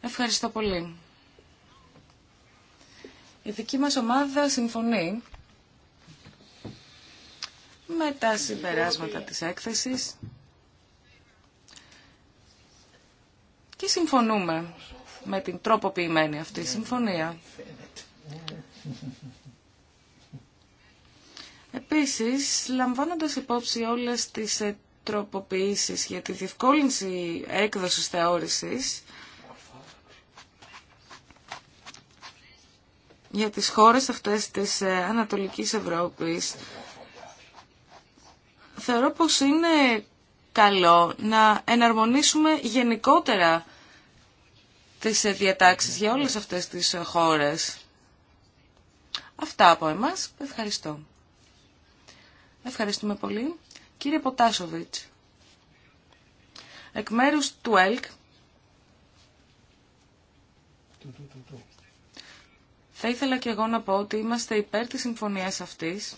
Ευχαριστώ πολύ. Η δική μας ομάδα συμφωνεί με τα συμπεράσματα της έκθεσης και συμφωνούμε με την τροποποιημένη αυτή συμφωνία. Επίσης, λαμβάνοντας υπόψη όλες τις ε, τροποποιήσεις για τη διευκόλυνση έκδοσης θεώρησης, για τις χώρες αυτές της ε, Ανατολικής Ευρώπης, θεωρώ πως είναι καλό να εναρμονίσουμε γενικότερα τις διατάξεις για όλες αυτές τις χώρες. Αυτά από εμάς. Ευχαριστώ. Ευχαριστούμε πολύ. Κύριε Ποτάσοβιτς, εκ μέρους του ΕΛΚ, θα ήθελα και εγώ να πω ότι είμαστε υπέρ της συμφωνίας αυτής,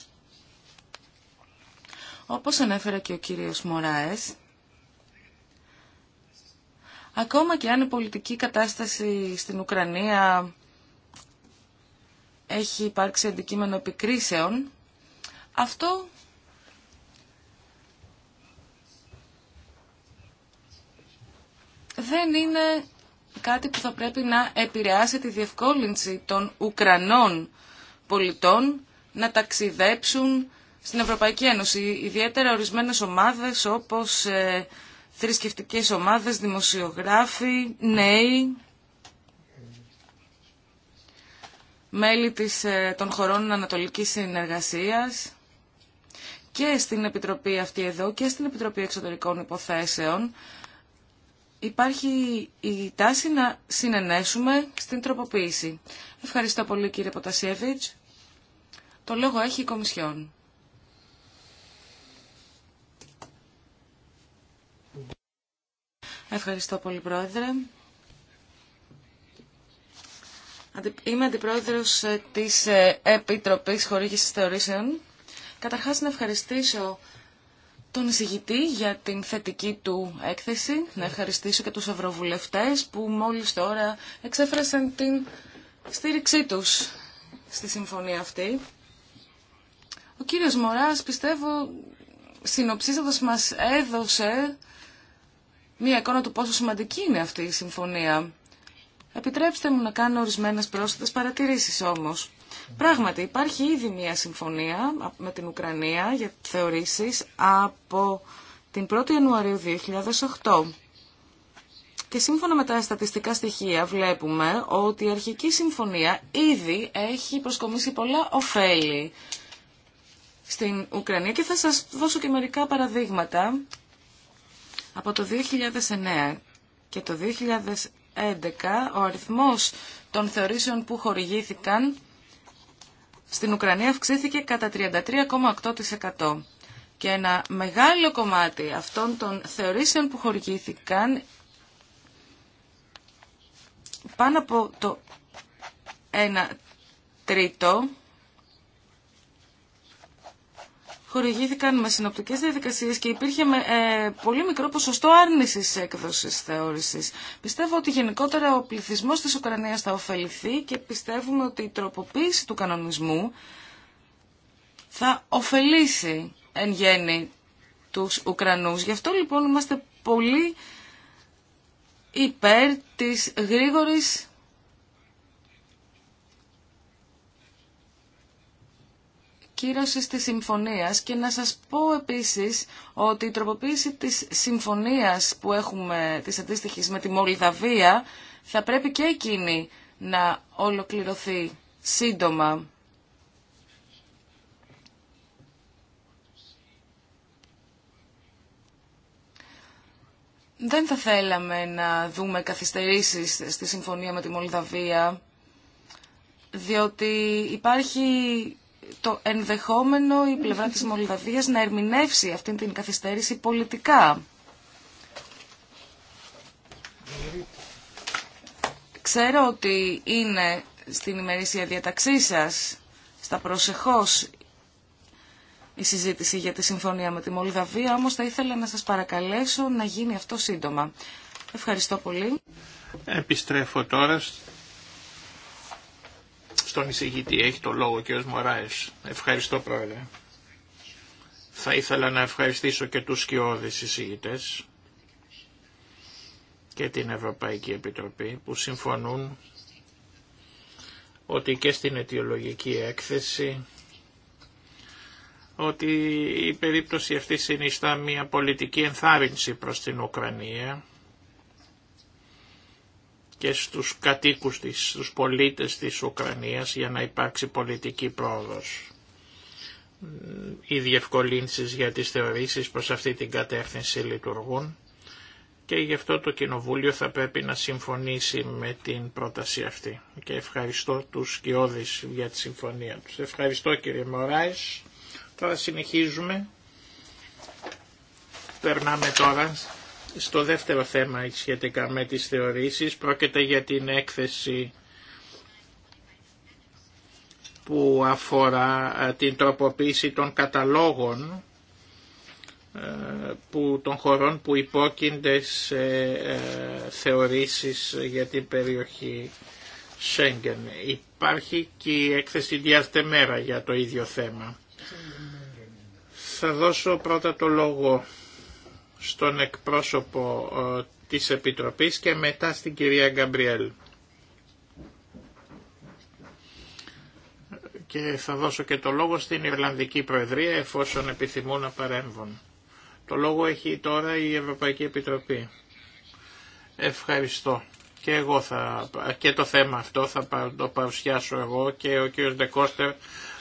όπως ανέφερε και ο κύριος Μωράες, Ακόμα και αν η πολιτική κατάσταση στην Ουκρανία έχει υπάρξει αντικείμενο επικρίσεων, αυτό δεν είναι κάτι που θα πρέπει να επηρεάσει τη διευκόλυνση των Ουκρανών πολιτών να ταξιδέψουν στην Ευρωπαϊκή Ένωση. Ιδιαίτερα ορισμένες ομάδες όπως ε, θρησκευτικές ομάδες, δημοσιογράφοι, νέοι, μέλη της, ε, των χωρών Ανατολικής Συνεργασίας και στην Επιτροπή αυτή εδώ και στην Επιτροπή Εξωτερικών Υποθέσεων υπάρχει η τάση να συνενέσουμε στην τροποποίηση. Ευχαριστώ πολύ κύριε Ποτασιεβίτς. Το λόγο έχει η Κομισιόν. Ευχαριστώ πολύ, Πρόεδρε. Είμαι Αντιπρόεδρος ε, της ε, Επιτροπής Χορήγησης Θεωρήσεων. Καταρχάς, να ευχαριστήσω τον εισηγητή για την θετική του έκθεση. Να ευχαριστήσω και τους ευρωβουλευτές που μόλις τώρα εξέφρασαν την στήριξή τους στη συμφωνία αυτή. Ο κύριος Μωράς, πιστεύω, συνοψίζοντας μας έδωσε μία εικόνα του πόσο σημαντική είναι αυτή η συμφωνία. Επιτρέψτε μου να κάνω ορισμένες πρόσθετε παρατηρήσει όμως. Πράγματι υπάρχει ήδη μία συμφωνία με την Ουκρανία για θεωρήσει από την 1η Ιανουαρίου 2008. Και σύμφωνα με τα στατιστικά στοιχεία βλέπουμε ότι η αρχική συμφωνία ήδη έχει προσκομίσει πολλά ωφέλη στην Ουκρανία και θα σας δώσω και μερικά παραδείγματα από το 2009 και το 2011 ο αριθμός των θεωρήσεων που χορηγήθηκαν στην Ουκρανία αυξήθηκε κατά 33,8%. Και ένα μεγάλο κομμάτι αυτών των θεωρήσεων που χορηγήθηκαν πάνω από το 1 τρίτο χορηγήθηκαν με συνοπτικέ διαδικασίε και υπήρχε με, ε, πολύ μικρό ποσοστό άρνηση έκδοσης θεωρηση. Πιστεύω ότι γενικότερα ο πληθυσμό της Ουκρανίας θα ωφεληθεί και πιστεύουμε ότι η τροποποίηση του κανονισμού θα ωφελήσει εν γέννη τους Ουκρανούς. Γι' αυτό λοιπόν είμαστε πολύ υπέρ της γρήγορη. κύρωση της συμφωνίας και να σας πω επίσης ότι η τροποποίηση της συμφωνίας που έχουμε της αντίστοιχη με τη Μολδαβία θα πρέπει και εκείνη να ολοκληρωθεί σύντομα. Δεν θα θέλαμε να δούμε καθυστερήσεις στη συμφωνία με τη Μολδαβία, διότι υπάρχει το ενδεχόμενο η πλευρά της Μολδαβίας να ερμηνεύσει αυτή την καθυστέρηση πολιτικά. Ξέρω ότι είναι στην ημερήσια διαταξή σας, στα προσεχώς, η συζήτηση για τη συμφωνία με τη Μολδαβία, όμως θα ήθελα να σας παρακαλέσω να γίνει αυτό σύντομα. Ευχαριστώ πολύ. Επιστρέφω τώρα στον εισηγητή. Έχει το λόγο ο κ. Ευχαριστώ πρόεδρε. Θα ήθελα να ευχαριστήσω και τους σκιώδεις εισηγητές και την Ευρωπαϊκή Επιτροπή που συμφωνούν ότι και στην αιτιολογική έκθεση ότι η περίπτωση αυτή συνιστά μια πολιτική ενθάρρυνση προς την Ουκρανία και στους κατοίκους της, στους πολίτες της Ουκρανίας για να υπάρξει πολιτική πρόοδος. Οι διευκολύνσεις για τις θεωρήσεις προς αυτή την κατεύθυνση λειτουργούν και γι' αυτό το Κοινοβούλιο θα πρέπει να συμφωνήσει με την πρόταση αυτή. Και ευχαριστώ τους Σκιώδης για τη συμφωνία τους. Ευχαριστώ κύριε Μωράης. Τώρα συνεχίζουμε. Περνάμε τώρα στο δεύτερο θέμα σχετικά με τις θεωρήσεις πρόκειται για την έκθεση που αφορά ε, την τροποποίηση των καταλόγων ε, που, των χωρών που υπόκεινται σε ε, θεωρήσεις για την περιοχή Σέγγεν. Υπάρχει και η έκθεση μέρα για το ίδιο θέμα. Θα δώσω πρώτα το λόγο στον εκπρόσωπο ε, της Επιτροπής και μετά στην κυρία Γκαμπριέλ. Και θα δώσω και το λόγο στην Ιρλανδική Προεδρία εφόσον επιθυμούν να παρέμβουν. Το λόγο έχει τώρα η Ευρωπαϊκή Επιτροπή. Ευχαριστώ. Και εγώ θα, και το θέμα αυτό θα το παρουσιάσω εγώ και ο κύριος Ντεκόστερ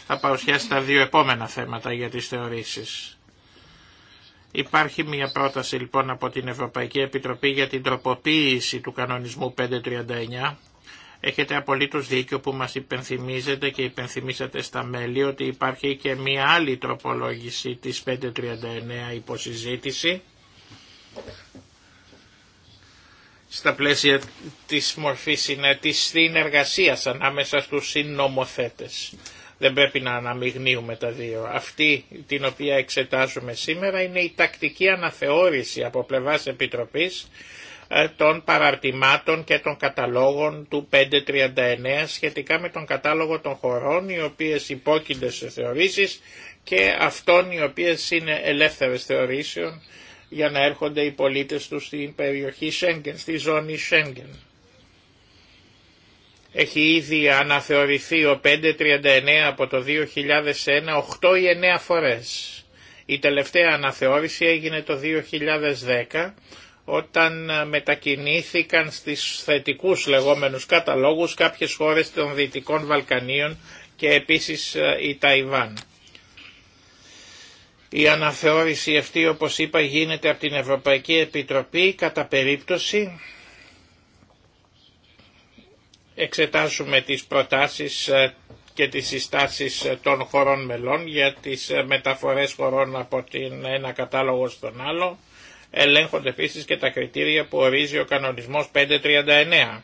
θα παρουσιάσει τα δύο επόμενα θέματα για τις θεωρήσεις. Υπάρχει μια πρόταση λοιπόν από την Ευρωπαϊκή Επιτροπή για την τροποποίηση του κανονισμού 539. Έχετε απολύτως δίκιο που μας υπενθυμίζετε και υπενθυμίσατε στα μέλη ότι υπάρχει και μια άλλη τροπολόγηση της 539 υποσυζήτηση στα πλαίσια της μορφής συνεργασίας ανάμεσα στους συνομοθέτες. Δεν πρέπει να αναμειγνύουμε τα δύο. Αυτή την οποία εξετάζουμε σήμερα είναι η τακτική αναθεώρηση από πλευράς Επιτροπής ε, των παραρτημάτων και των καταλόγων του 539 σχετικά με τον κατάλογο των χωρών οι οποίες υπόκεινται σε θεωρήσεις και αυτών οι οποίες είναι ελεύθερες θεωρήσεων για να έρχονται οι πολίτες τους στην περιοχή Σέγγεν, στη ζώνη Σέγγεν. Έχει ήδη αναθεωρηθεί ο 539 από το 2001 8 ή 9 φορές. Η τελευταία αναθεώρηση έγινε το 2010 όταν ε, μετακινήθηκαν στις θετικούς λεγόμενους καταλόγους κάποιες χώρες των Δυτικών Βαλκανίων και επίσης ε, η Ταϊβάν. Η αναθεώρηση αυτή όπως είπα γίνεται από την Ευρωπαϊκή Επιτροπή κατά περίπτωση εξετάζουμε τις προτάσεις ε, και τις συστάσεις ε, των χωρών μελών για τις ε, μεταφορές χωρών από την ένα κατάλογο στον άλλο. Ελέγχονται επίσης και τα κριτήρια που ορίζει ο κανονισμός 539.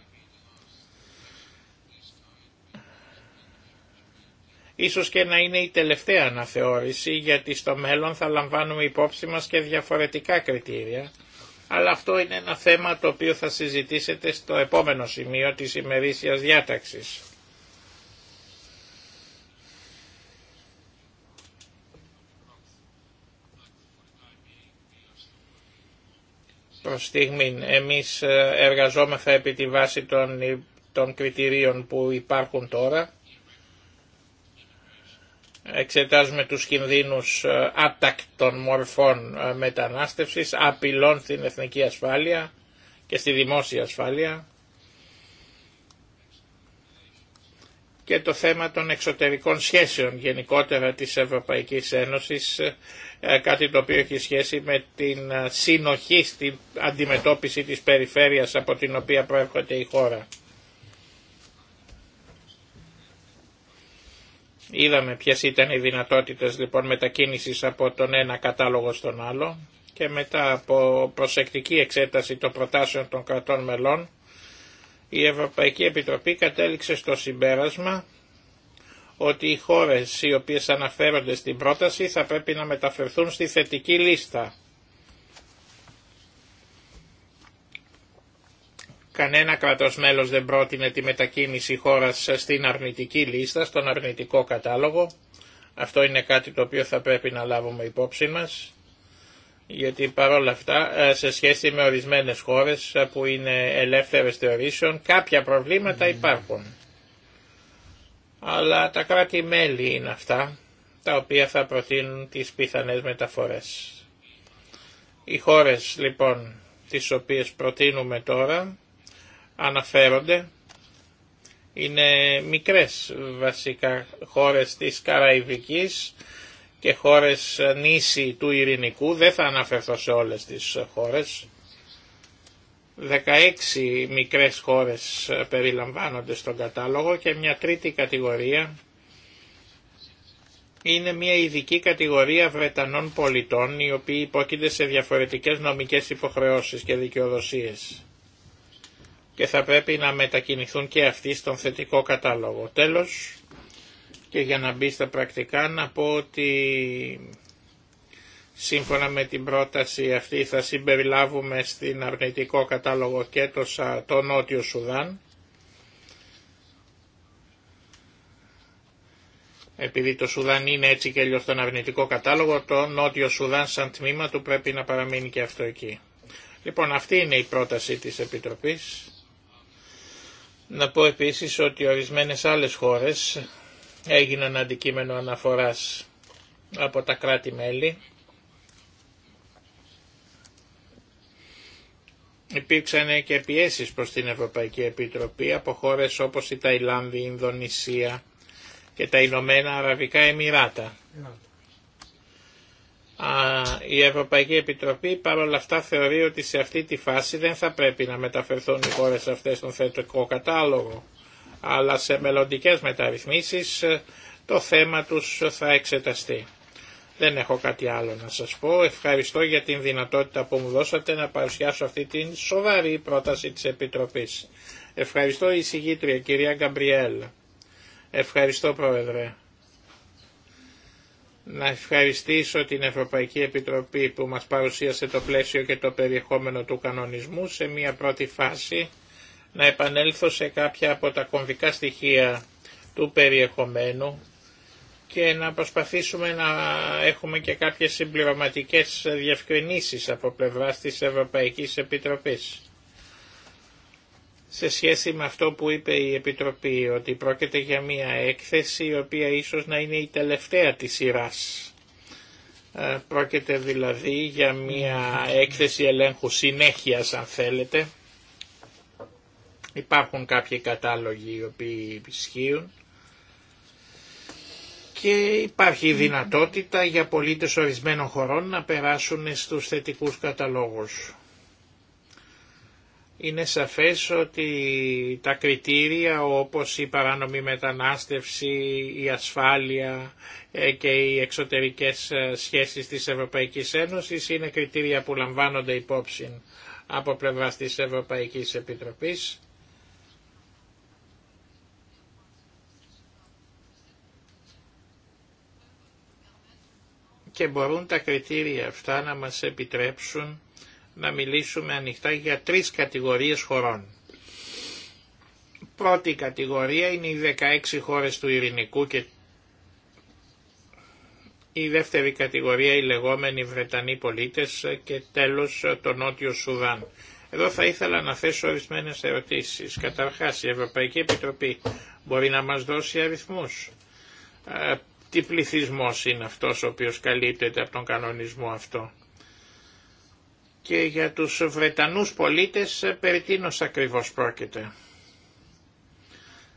Ίσως και να είναι η τελευταία αναθεώρηση γιατί στο μέλλον θα λαμβάνουμε υπόψη μας και διαφορετικά κριτήρια αλλά αυτό είναι ένα θέμα το οποίο θα συζητήσετε στο επόμενο σημείο της ημερήσιας διάταξης. Προς στιγμή εμείς εργαζόμεθα επί τη βάση των, των κριτηρίων που υπάρχουν τώρα εξετάζουμε τους κινδύνους ε, άτακτων μορφών ε, μετανάστευσης, απειλών στην εθνική ασφάλεια και στη δημόσια ασφάλεια και το θέμα των εξωτερικών σχέσεων γενικότερα της Ευρωπαϊκής Ένωσης, ε, κάτι το οποίο έχει σχέση με την συνοχή στην αντιμετώπιση της περιφέρειας από την οποία προέρχεται η χώρα. Είδαμε ποιες ήταν οι δυνατότητες λοιπόν μετακίνησης από τον ένα κατάλογο στον άλλο και μετά από προσεκτική εξέταση των προτάσεων των κρατών μελών η Ευρωπαϊκή Επιτροπή κατέληξε στο συμπέρασμα ότι οι χώρες οι οποίες αναφέρονται στην πρόταση θα πρέπει να μεταφερθούν στη θετική λίστα Κανένα κράτος μέλος δεν πρότεινε τη μετακίνηση χώρας στην αρνητική λίστα, στον αρνητικό κατάλογο. Αυτό είναι κάτι το οποίο θα πρέπει να λάβουμε υπόψη μας, γιατί παρόλα αυτά ε, σε σχέση με ορισμένες χώρες ε, που είναι ελεύθερες θεωρήσεων κάποια προβλήματα ναι. υπάρχουν. Αλλά τα κράτη-μέλη είναι αυτά τα οποία θα προτείνουν τις πιθανές μεταφορές. Οι χώρες λοιπόν τις οποίες προτείνουμε τώρα αναφέρονται είναι μικρές βασικά χώρες της Καραϊβικής και χώρες νήσι του Ειρηνικού, δεν θα αναφερθώ σε όλες τις χώρες. 16 μικρές χώρες περιλαμβάνονται στον κατάλογο και μια τρίτη κατηγορία είναι μια ειδική κατηγορία Βρετανών πολιτών οι οποίοι υπόκεινται σε διαφορετικές νομικές υποχρεώσεις και δικαιοδοσίες και θα πρέπει να μετακινηθούν και αυτοί στον θετικό κατάλογο. Τέλος, και για να μπει στα πρακτικά να πω ότι σύμφωνα με την πρόταση αυτή θα συμπεριλάβουμε στην αρνητικό κατάλογο και το, το Νότιο Σουδάν. Επειδή το Σουδάν είναι έτσι και αλλιώ στον αρνητικό κατάλογο, το Νότιο Σουδάν σαν τμήμα του πρέπει να παραμείνει και αυτό εκεί. Λοιπόν, αυτή είναι η πρόταση της Επιτροπής. Να πω επίσης ότι ορισμένες άλλες χώρες έγιναν αντικείμενο αναφοράς από τα κράτη-μέλη. Υπήρξαν και πιέσεις προς την Ευρωπαϊκή Επιτροπή από χώρες όπως η Ταϊλάνδη, η Ινδονησία και τα Ηνωμένα Αραβικά Εμμυράτα η Ευρωπαϊκή Επιτροπή παρόλα αυτά θεωρεί ότι σε αυτή τη φάση δεν θα πρέπει να μεταφερθούν οι χώρες αυτές στον θετικό κατάλογο αλλά σε μελλοντικές μεταρρυθμίσεις ε, το θέμα τους θα εξεταστεί. Δεν έχω κάτι άλλο να σας πω. Ευχαριστώ για την δυνατότητα που μου δώσατε να παρουσιάσω αυτή την σοβαρή πρόταση της Επιτροπής. Ευχαριστώ η συγγήτρια κυρία Γκαμπριέλ. Ευχαριστώ πρόεδρε να ευχαριστήσω την Ευρωπαϊκή Επιτροπή που μας παρουσίασε το πλαίσιο και το περιεχόμενο του κανονισμού σε μια πρώτη φάση να επανέλθω σε κάποια από τα κομβικά στοιχεία του περιεχομένου και να προσπαθήσουμε να έχουμε και κάποιες συμπληρωματικές διευκρινήσεις από πλευράς της Ευρωπαϊκής Επιτροπής σε σχέση με αυτό που είπε η Επιτροπή, ότι πρόκειται για μια έκθεση η οποία ίσως να είναι η τελευταία της σειράς. Ε, πρόκειται δηλαδή για μια έκθεση ελέγχου συνέχειας αν θέλετε. Υπάρχουν κάποιοι κατάλογοι οι οποίοι ισχύουν και υπάρχει δυνατότητα για πολίτες ορισμένων χωρών να περάσουν στους θετικούς καταλόγους. Είναι σαφές ότι τα κριτήρια όπως η παράνομη μετανάστευση, η ασφάλεια ε, και οι εξωτερικές ε, σχέσεις της Ευρωπαϊκής Ένωσης είναι κριτήρια που λαμβάνονται υπόψη από πλευρά της Ευρωπαϊκής Επιτροπής. Και μπορούν τα κριτήρια αυτά να μας επιτρέψουν να μιλήσουμε ανοιχτά για τρεις κατηγορίες χωρών. Πρώτη κατηγορία είναι οι 16 χώρες του Ειρηνικού και η δεύτερη κατηγορία οι λεγόμενοι Βρετανοί πολίτες και τέλος το Νότιο Σουδάν. Εδώ θα ήθελα να θέσω ορισμένες ερωτήσεις. Καταρχάς η Ευρωπαϊκή Επιτροπή μπορεί να μας δώσει αριθμούς. Ε, τι πληθυσμός είναι αυτός ο οποίος καλύπτεται από τον κανονισμό αυτό και για τους Βρετανούς πολίτες ε, περί τίνος ακριβώς πρόκειται.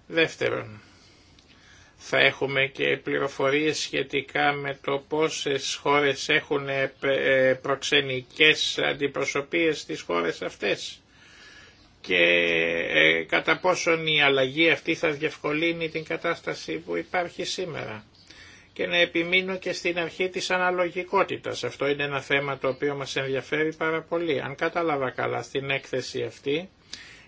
Δεύτερον, θα έχουμε και πληροφορίες σχετικά με το πόσες χώρες έχουν ε, ε, προξενικές αντιπροσωπείες στις χώρες αυτές και κατά πόσον η αλλαγή αυτή θα διευκολύνει την κατάσταση που υπάρχει σήμερα και να επιμείνω και στην αρχή της αναλογικότητας. Αυτό είναι ένα θέμα το οποίο μας ενδιαφέρει πάρα πολύ. Αν κατάλαβα καλά στην έκθεση αυτή,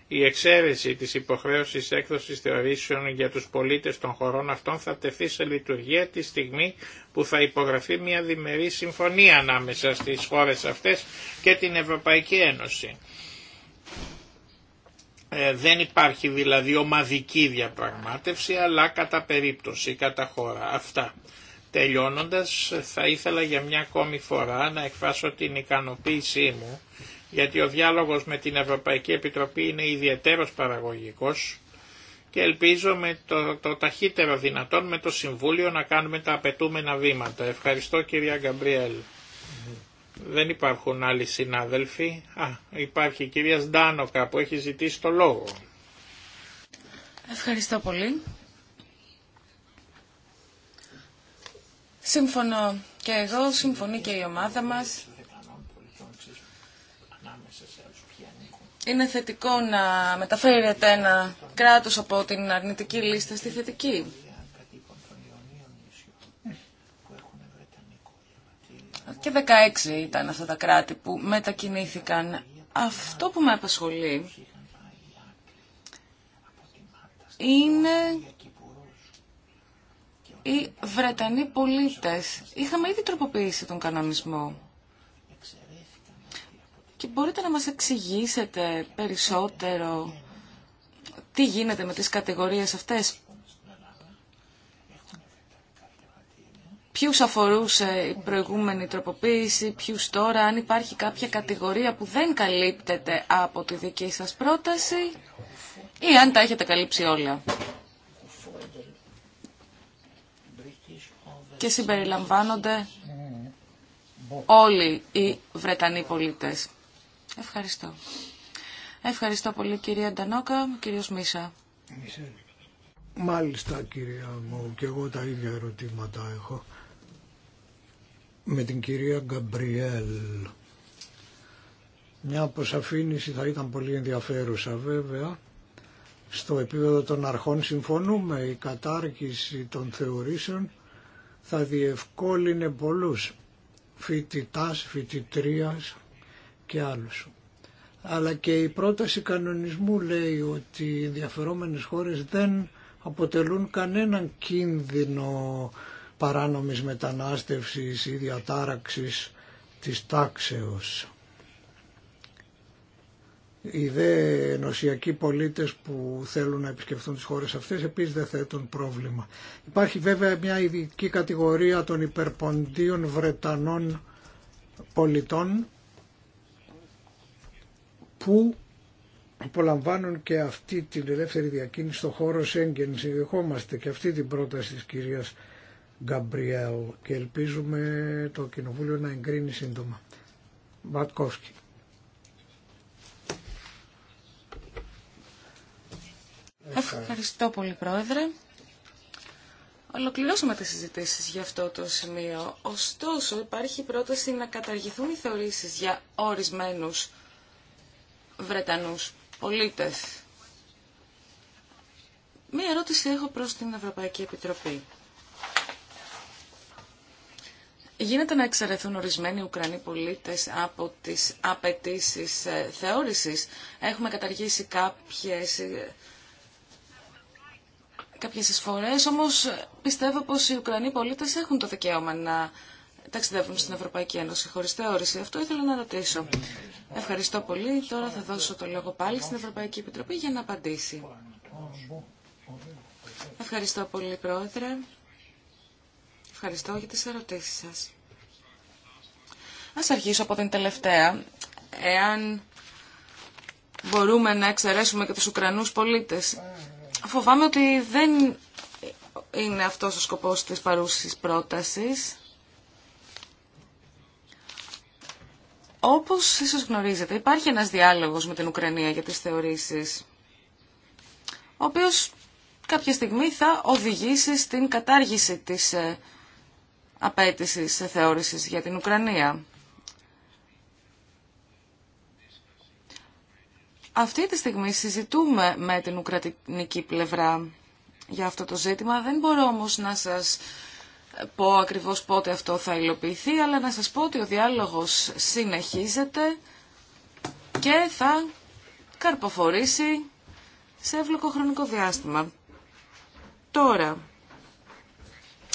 η εξαίρεση της υποχρέωσης έκδοσης θεωρήσεων για τους πολίτες των χωρών αυτών θα τεθεί σε λειτουργία τη στιγμή που θα υπογραφεί μια διμερή συμφωνία ανάμεσα στις χώρες αυτές και την Ευρωπαϊκή Ένωση. Ε, δεν υπάρχει δηλαδή ομαδική διαπραγμάτευση αλλά κατά περίπτωση, κατά χώρα. Αυτά. Τελειώνοντας θα ήθελα για μια ακόμη φορά να εκφράσω την ικανοποίησή μου γιατί ο διάλογος με την Ευρωπαϊκή Επιτροπή είναι ιδιαίτερος παραγωγικός και ελπίζω με το, το ταχύτερο δυνατόν με το Συμβούλιο να κάνουμε τα απαιτούμενα βήματα. Ευχαριστώ κυρία Γκαμπριέλ. Δεν υπάρχουν άλλοι συνάδελφοι. Α, υπάρχει η κυρία Σντάνοκα που έχει ζητήσει το λόγο. Ευχαριστώ πολύ. Σύμφωνο και εγώ, συμφωνεί και η ομάδα μας. Είναι θετικό να μεταφέρεται ένα κράτος από την αρνητική λίστα στη θετική. και 16 ήταν αυτά τα κράτη που μετακινήθηκαν. Αυτό που με απασχολεί είναι οι Βρετανοί πολίτες. Είχαμε ήδη τροποποιήσει τον κανονισμό. Και μπορείτε να μας εξηγήσετε περισσότερο τι γίνεται με τις κατηγορίες αυτές, Ποιου αφορούσε η προηγούμενη τροποποίηση, ποιου τώρα, αν υπάρχει κάποια κατηγορία που δεν καλύπτεται από τη δική σας πρόταση ή αν τα έχετε καλύψει όλα. Και συμπεριλαμβάνονται όλοι οι Βρετανοί πολίτες. Ευχαριστώ. Ευχαριστώ πολύ κυρία Ντανόκα, κύριος Μίσα. Μάλιστα κυρία μου, και εγώ τα ίδια ερωτήματα έχω με την κυρία Γκαμπριέλ. Μια αποσαφήνιση θα ήταν πολύ ενδιαφέρουσα βέβαια. Στο επίπεδο των αρχών συμφωνούμε, η κατάργηση των θεωρήσεων θα διευκόλυνε πολλούς φοιτητά, φοιτητρια και άλλους. Αλλά και η πρόταση κανονισμού λέει ότι οι ενδιαφερόμενες χώρες δεν αποτελούν κανέναν κίνδυνο παράνομης μετανάστευσης ή διατάραξης της τάξεως. Οι δε ενωσιακοί πολίτες που θέλουν να επισκεφθούν τις χώρες αυτές επίσης δεν θέτουν πρόβλημα. Υπάρχει βέβαια μια ειδική κατηγορία των υπερποντίων Βρετανών πολιτών που απολαμβάνουν και αυτή την ελεύθερη διακίνηση στο χώρο Σέγγεν. Συνδεχόμαστε και αυτή την πρόταση της κυρίας Γκαμπριέλ και ελπίζουμε το Κοινοβούλιο να εγκρίνει σύντομα. Βατκόσκι. Ευχαριστώ πολύ Πρόεδρε. Ολοκληρώσαμε τις συζητήσεις για αυτό το σημείο. Ωστόσο υπάρχει πρόταση να καταργηθούν οι θεωρήσεις για ορισμένους Βρετανούς πολίτες. Μία ερώτηση έχω προς την Ευρωπαϊκή Επιτροπή. Γίνεται να εξαιρεθούν ορισμένοι Ουκρανοί πολίτε από τι απαιτήσει ε, θεώρηση. Έχουμε καταργήσει κάποιε ε, κάποιες εισφορές, όμως πιστεύω πως οι Ουκρανοί πολίτες έχουν το δικαίωμα να ταξιδεύουν στην Ευρωπαϊκή Ένωση χωρίς θεώρηση. Αυτό ήθελα να ρωτήσω. Ευχαριστώ πολύ. Τώρα θα δώσω το λόγο πάλι στην Ευρωπαϊκή Επιτροπή για να απαντήσει. Ευχαριστώ πολύ, Πρόεδρε. Ευχαριστώ για τις ερωτήσεις σας. Ας αρχίσω από την τελευταία. Εάν μπορούμε να εξαιρέσουμε και τους Ουκρανούς πολίτες. Φοβάμαι ότι δεν είναι αυτός ο σκοπός της παρούσης πρότασης. Όπως ίσως γνωρίζετε, υπάρχει ένας διάλογος με την Ουκρανία για τις θεωρήσεις, ο οποίος κάποια στιγμή θα οδηγήσει στην κατάργηση της ε, απέτηση σε θεώρησης για την Ουκρανία. Αυτή τη στιγμή συζητούμε με την Ουκρανική πλευρά για αυτό το ζήτημα. Δεν μπορώ όμως να σας πω ακριβώς πότε αυτό θα υλοποιηθεί, αλλά να σας πω ότι ο διάλογος συνεχίζεται και θα καρποφορήσει σε εύλογο χρονικό διάστημα. Τώρα,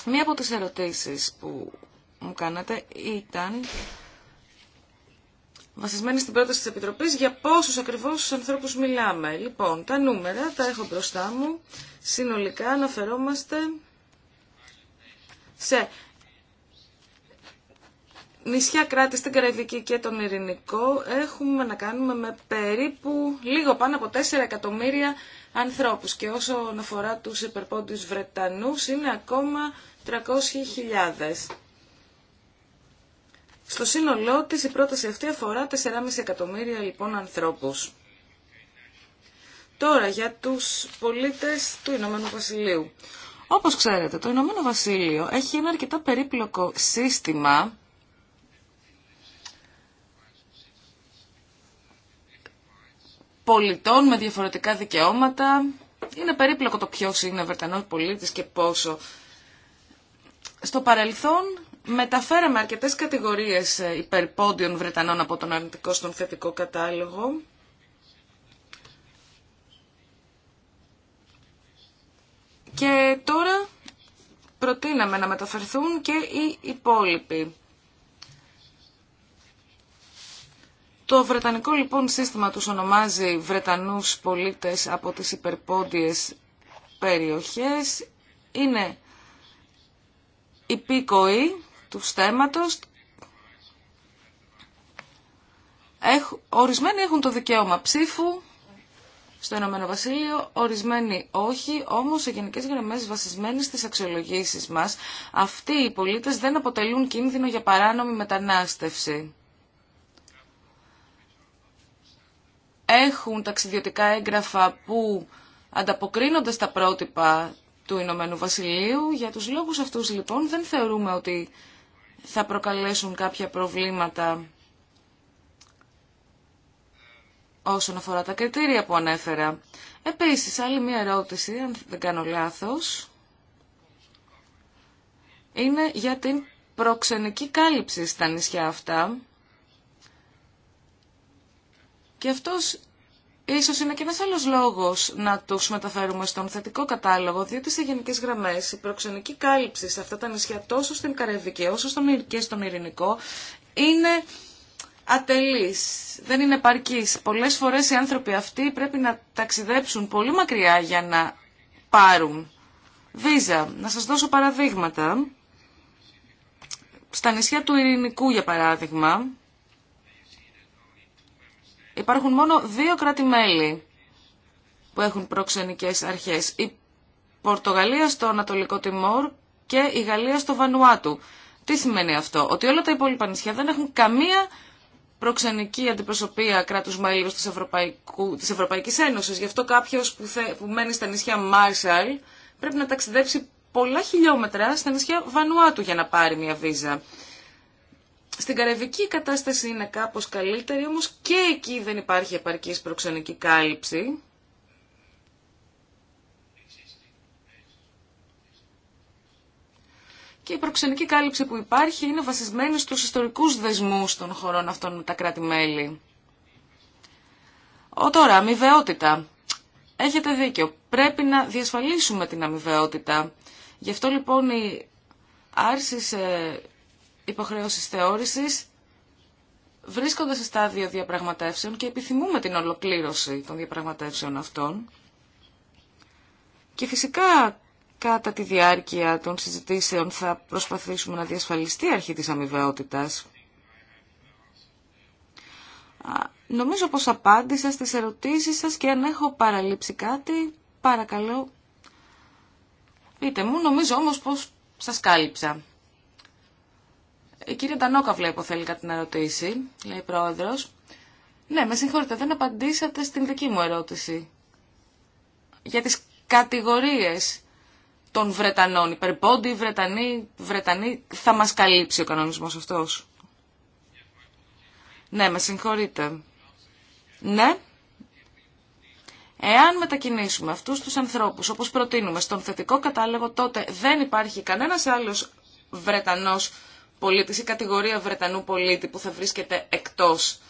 Μία από τις ερωτήσεις που μου κάνατε ήταν βασισμένη στην πρόταση της Επιτροπής για πόσους ακριβώς ανθρώπους μιλάμε. Λοιπόν, τα νούμερα τα έχω μπροστά μου. Συνολικά αναφερόμαστε σε νησιά κράτη στην Καραϊβική και τον Ειρηνικό έχουμε να κάνουμε με περίπου λίγο πάνω από 4 εκατομμύρια ανθρώπους και όσον αφορά τους υπερπόντους Βρετανούς είναι ακόμα 300.000. Στο σύνολό της η πρόταση αυτή αφορά 4,5 εκατομμύρια λοιπόν ανθρώπους. Τώρα για τους πολίτες του Ηνωμένου Βασιλείου. Όπως ξέρετε, το Ηνωμένο Βασίλειο έχει ένα αρκετά περίπλοκο σύστημα πολιτών με διαφορετικά δικαιώματα. Είναι περίπλοκο το ποιος είναι Βρετανός πολίτης και πόσο. Στο παρελθόν μεταφέραμε αρκετές κατηγορίες ε, υπερπόντιων Βρετανών από τον αρνητικό στον θετικό κατάλογο. Και τώρα προτείναμε να μεταφερθούν και οι υπόλοιποι. Το βρετανικό λοιπόν σύστημα τους ονομάζει Βρετανούς πολίτες από τις υπερπόντιες περιοχές. Είναι υπήκοοι του στέματος. Έχ, ορισμένοι έχουν το δικαίωμα ψήφου στο Ηνωμένο Βασίλειο, ορισμένοι όχι, όμως σε γενικές γραμμές βασισμένοι στις αξιολογήσεις μας, αυτοί οι πολίτες δεν αποτελούν κίνδυνο για παράνομη μετανάστευση. έχουν ταξιδιωτικά έγγραφα που ανταποκρίνονται στα πρότυπα του Ηνωμένου Βασιλείου. Για τους λόγους αυτούς λοιπόν δεν θεωρούμε ότι θα προκαλέσουν κάποια προβλήματα όσον αφορά τα κριτήρια που ανέφερα. Επίσης, άλλη μία ερώτηση, αν δεν κάνω λάθος, είναι για την προξενική κάλυψη στα νησιά αυτά. Και αυτός ίσως είναι και ένας άλλος λόγος να τους μεταφέρουμε στον θετικό κατάλογο, διότι σε γενικές γραμμές η προξενική κάλυψη σε αυτά τα νησιά τόσο στην Καραϊβική όσο στον και στον Ειρηνικό είναι ατελής, δεν είναι παρκής. Πολλές φορές οι άνθρωποι αυτοί πρέπει να ταξιδέψουν πολύ μακριά για να πάρουν βίζα. Να σας δώσω παραδείγματα. Στα νησιά του Ειρηνικού, για παράδειγμα, Υπάρχουν μόνο δύο κράτη-μέλη που έχουν προξενικές αρχές. Η Πορτογαλία στο Ανατολικό Τιμόρ και η Γαλλία στο Βανουάτου. Τι σημαίνει αυτό, ότι όλα τα υπόλοιπα νησιά δεν έχουν καμία προξενική αντιπροσωπεία κράτους μέλους της, Ευρωπαϊκού, της Ευρωπαϊκής Ένωσης. Γι' αυτό κάποιος που, που μένει στα νησιά Μάρσαλ πρέπει να ταξιδέψει πολλά χιλιόμετρα στα νησιά Βανουάτου για να πάρει μια βίζα. Στην Καρεβική η κατάσταση είναι κάπως καλύτερη, όμως και εκεί δεν υπάρχει επαρκής προξενική κάλυψη. Και η προξενική κάλυψη που υπάρχει είναι βασισμένη στους ιστορικούς δεσμούς των χωρών αυτών με τα κράτη-μέλη. Ο τώρα, αμοιβαιότητα. Έχετε δίκιο. Πρέπει να διασφαλίσουμε την αμοιβαιότητα. Γι' αυτό λοιπόν η άρση σε υποχρεώσεις θεώρησης βρίσκονται σε στάδιο διαπραγματεύσεων και επιθυμούμε την ολοκλήρωση των διαπραγματεύσεων αυτών. Και φυσικά κατά τη διάρκεια των συζητήσεων θα προσπαθήσουμε να διασφαλιστεί η αρχή της αμοιβαιότητας. Νομίζω πως απάντησα στις ερωτήσεις σας και αν έχω παραλείψει κάτι, παρακαλώ πείτε μου. Νομίζω όμως πως σας κάλυψα. Η ε, κυρία Ντανόκα βλέπω θέλει κάτι να ρωτήσει, λέει η πρόεδρος. Ναι, με συγχωρείτε, δεν απαντήσατε στην δική μου ερώτηση. Για τις κατηγορίες των Βρετανών, υπερπόντι, Βρετανοί, Βρετανοί, θα μας καλύψει ο κανονισμός αυτός. Ναι, με συγχωρείτε. Ναι. Εάν μετακινήσουμε αυτούς τους ανθρώπους, όπως προτείνουμε, στον θετικό κατάλογο, τότε δεν υπάρχει κανένας άλλος Βρετανός πολίτης ή κατηγορία Βρετανού πολίτη που θα βρίσκεται εκτός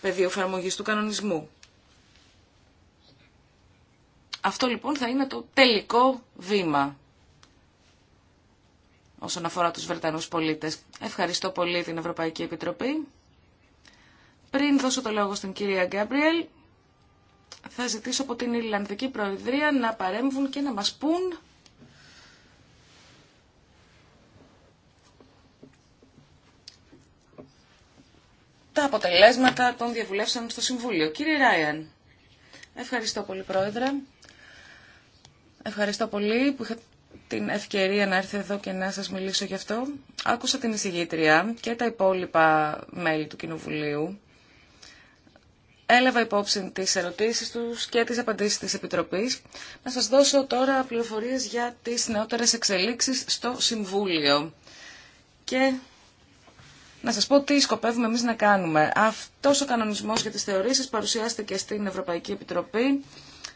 πεδίου του κανονισμού. Αυτό λοιπόν θα είναι το τελικό βήμα όσον αφορά τους Βρετανούς πολίτες. Ευχαριστώ πολύ την Ευρωπαϊκή Επιτροπή. Πριν δώσω το λόγο στην κυρία Γκάμπριελ, θα ζητήσω από την Ιρλανδική Προεδρία να παρέμβουν και να μας πούν τα αποτελέσματα των διαβουλεύσεων στο Συμβούλιο. Κύριε Ράιαν, ευχαριστώ πολύ Πρόεδρε. Ευχαριστώ πολύ που είχα την ευκαιρία να έρθω εδώ και να σας μιλήσω γι' αυτό. Άκουσα την εισηγήτρια και τα υπόλοιπα μέλη του Κοινοβουλίου. Έλαβα υπόψη τις ερωτήσεις τους και τις απαντήσεις της Επιτροπής. Να σας δώσω τώρα πληροφορίες για τις νεότερες εξελίξεις στο Συμβούλιο και να σας πω τι σκοπεύουμε εμείς να κάνουμε. Αυτός ο κανονισμός για τις θεωρήσεις παρουσιάστηκε στην Ευρωπαϊκή Επιτροπή,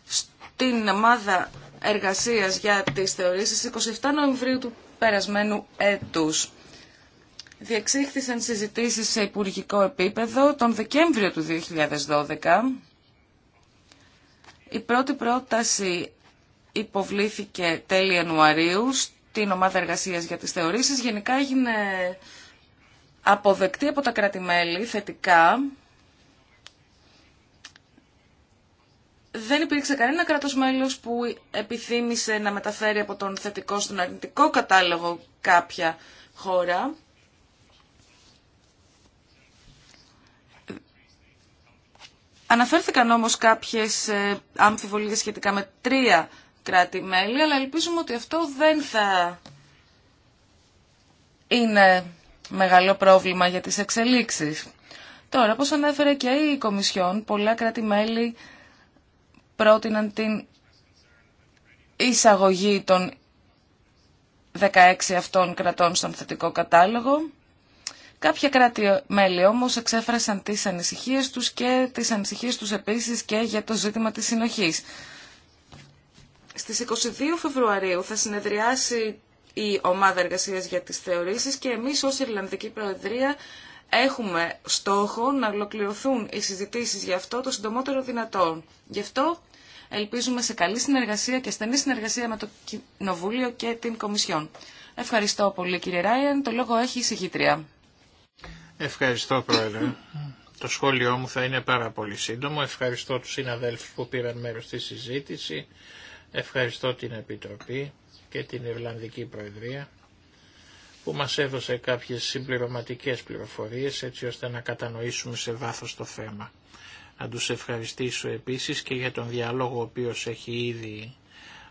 στην ομάδα εργασίας για τις θεωρήσεις 27 Νοεμβρίου του περασμένου έτους. Διεξήχθησαν συζητήσεις σε υπουργικό επίπεδο τον Δεκέμβριο του 2012. Η πρώτη πρόταση υποβλήθηκε τέλη Ιανουαρίου στην ομάδα εργασίας για τις θεωρήσεις. Γενικά έγινε αποδεκτή από τα κράτη-μέλη θετικά, δεν υπήρξε κανένα κράτος μέλος που επιθύμησε να μεταφέρει από τον θετικό στον αρνητικό κατάλογο κάποια χώρα. Αναφέρθηκαν όμως κάποιες ε, αμφιβολίες σχετικά με τρία κράτη-μέλη, αλλά ελπίζουμε ότι αυτό δεν θα είναι μεγάλο πρόβλημα για τις εξελίξεις. Τώρα, όπως ανέφερε και η Κομισιόν, πολλά κράτη-μέλη πρότειναν την εισαγωγή των 16 αυτών κρατών στον θετικό κατάλογο. Κάποια κράτη-μέλη όμως εξέφρασαν τις ανησυχίες τους και τις ανησυχίες τους επίσης και για το ζήτημα της συνοχής. Στις 22 Φεβρουαρίου θα συνεδριάσει η ομάδα εργασίας για τις θεωρήσεις και εμείς ως Ιρλανδική Προεδρία έχουμε στόχο να ολοκληρωθούν οι συζητήσεις για αυτό το συντομότερο δυνατόν. Γι' αυτό ελπίζουμε σε καλή συνεργασία και στενή συνεργασία με το Κοινοβούλιο και την Κομισιόν. Ευχαριστώ πολύ κύριε Ράιεν. Το λόγο έχει η συγχύτρια. Ευχαριστώ πρόεδρε. Το σχόλιο μου θα είναι πάρα πολύ σύντομο. Ευχαριστώ τους συναδέλφους που πήραν μέρος στη συζήτηση. Ευχαριστώ την Επιτροπή και την Ιρλανδική Προεδρία που μας έδωσε κάποιες συμπληρωματικές πληροφορίες έτσι ώστε να κατανοήσουμε σε βάθος το θέμα. Να τους ευχαριστήσω επίσης και για τον διάλογο ο οποίος έχει ήδη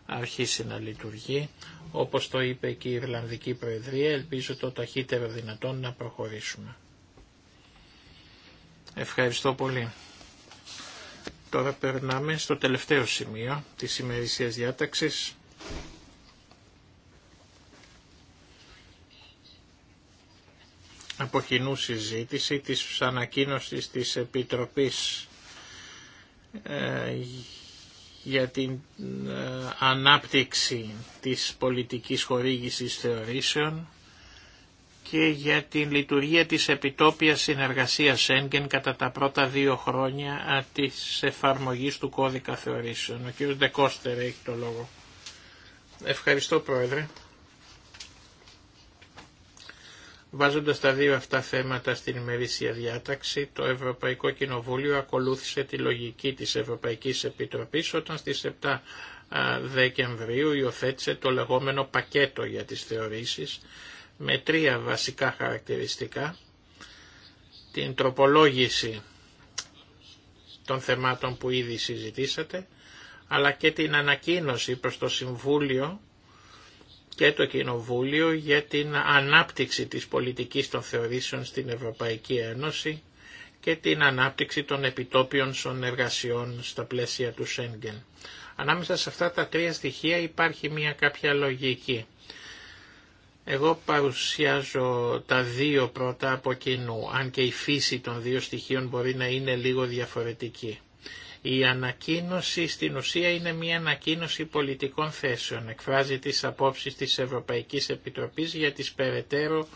αρχίσει να λειτουργεί. Όπως το είπε και η Ιρλανδική Προεδρία, ελπίζω το ταχύτερο δυνατόν να προχωρήσουμε. Ευχαριστώ πολύ. Τώρα περνάμε στο τελευταίο σημείο της ημερησίας διάταξης από κοινού συζήτηση της ανακοίνωσης της Επιτροπής ε, για την ε, ανάπτυξη της πολιτικής χορήγησης θεωρήσεων και για την λειτουργία της επιτόπιας συνεργασίας Σέγγεν κατά τα πρώτα δύο χρόνια ε, της εφαρμογής του κώδικα θεωρήσεων. Ο κ. Ντεκόστερ έχει το λόγο. Ευχαριστώ Πρόεδρε. Βάζοντας τα δύο αυτά θέματα στην ημερήσια διάταξη, το Ευρωπαϊκό Κοινοβούλιο ακολούθησε τη λογική της Ευρωπαϊκής Επιτροπής όταν στις 7 Δεκεμβρίου υιοθέτησε το λεγόμενο πακέτο για τις θεωρήσεις με τρία βασικά χαρακτηριστικά, την τροπολόγηση των θεμάτων που ήδη συζητήσατε, αλλά και την ανακοίνωση προς το Συμβούλιο και το Κοινοβούλιο για την ανάπτυξη της πολιτικής των θεωρήσεων στην Ευρωπαϊκή Ένωση και την ανάπτυξη των επιτόπιων συνεργασιών στα πλαίσια του Σέγγεν. Ανάμεσα σε αυτά τα τρία στοιχεία υπάρχει μια κάποια λογική. Εγώ παρουσιάζω τα δύο πρώτα από κοινού, αν και η φύση των δύο στοιχείων μπορεί να είναι λίγο διαφορετική. Η ανακοίνωση στην ουσία είναι μια ανακοίνωση πολιτικών θέσεων. Εκφράζει τις απόψεις της Ευρωπαϊκής Επιτροπής για τις περαιτέρω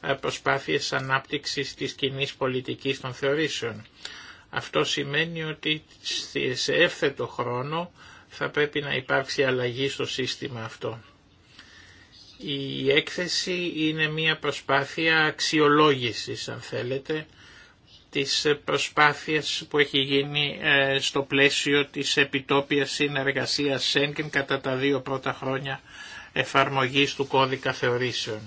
ε, προσπάθειες ανάπτυξης της κοινή πολιτικής των θεωρήσεων. Αυτό σημαίνει ότι σε εύθετο χρόνο θα πρέπει να υπάρξει αλλαγή στο σύστημα αυτό. Η έκθεση είναι μια προσπάθεια αξιολόγησης, αν θέλετε, της προσπάθειας που έχει γίνει ε, στο πλαίσιο της επιτόπιας συνεργασίας Σέγγεν κατά τα δύο πρώτα χρόνια εφαρμογής του κώδικα θεωρήσεων.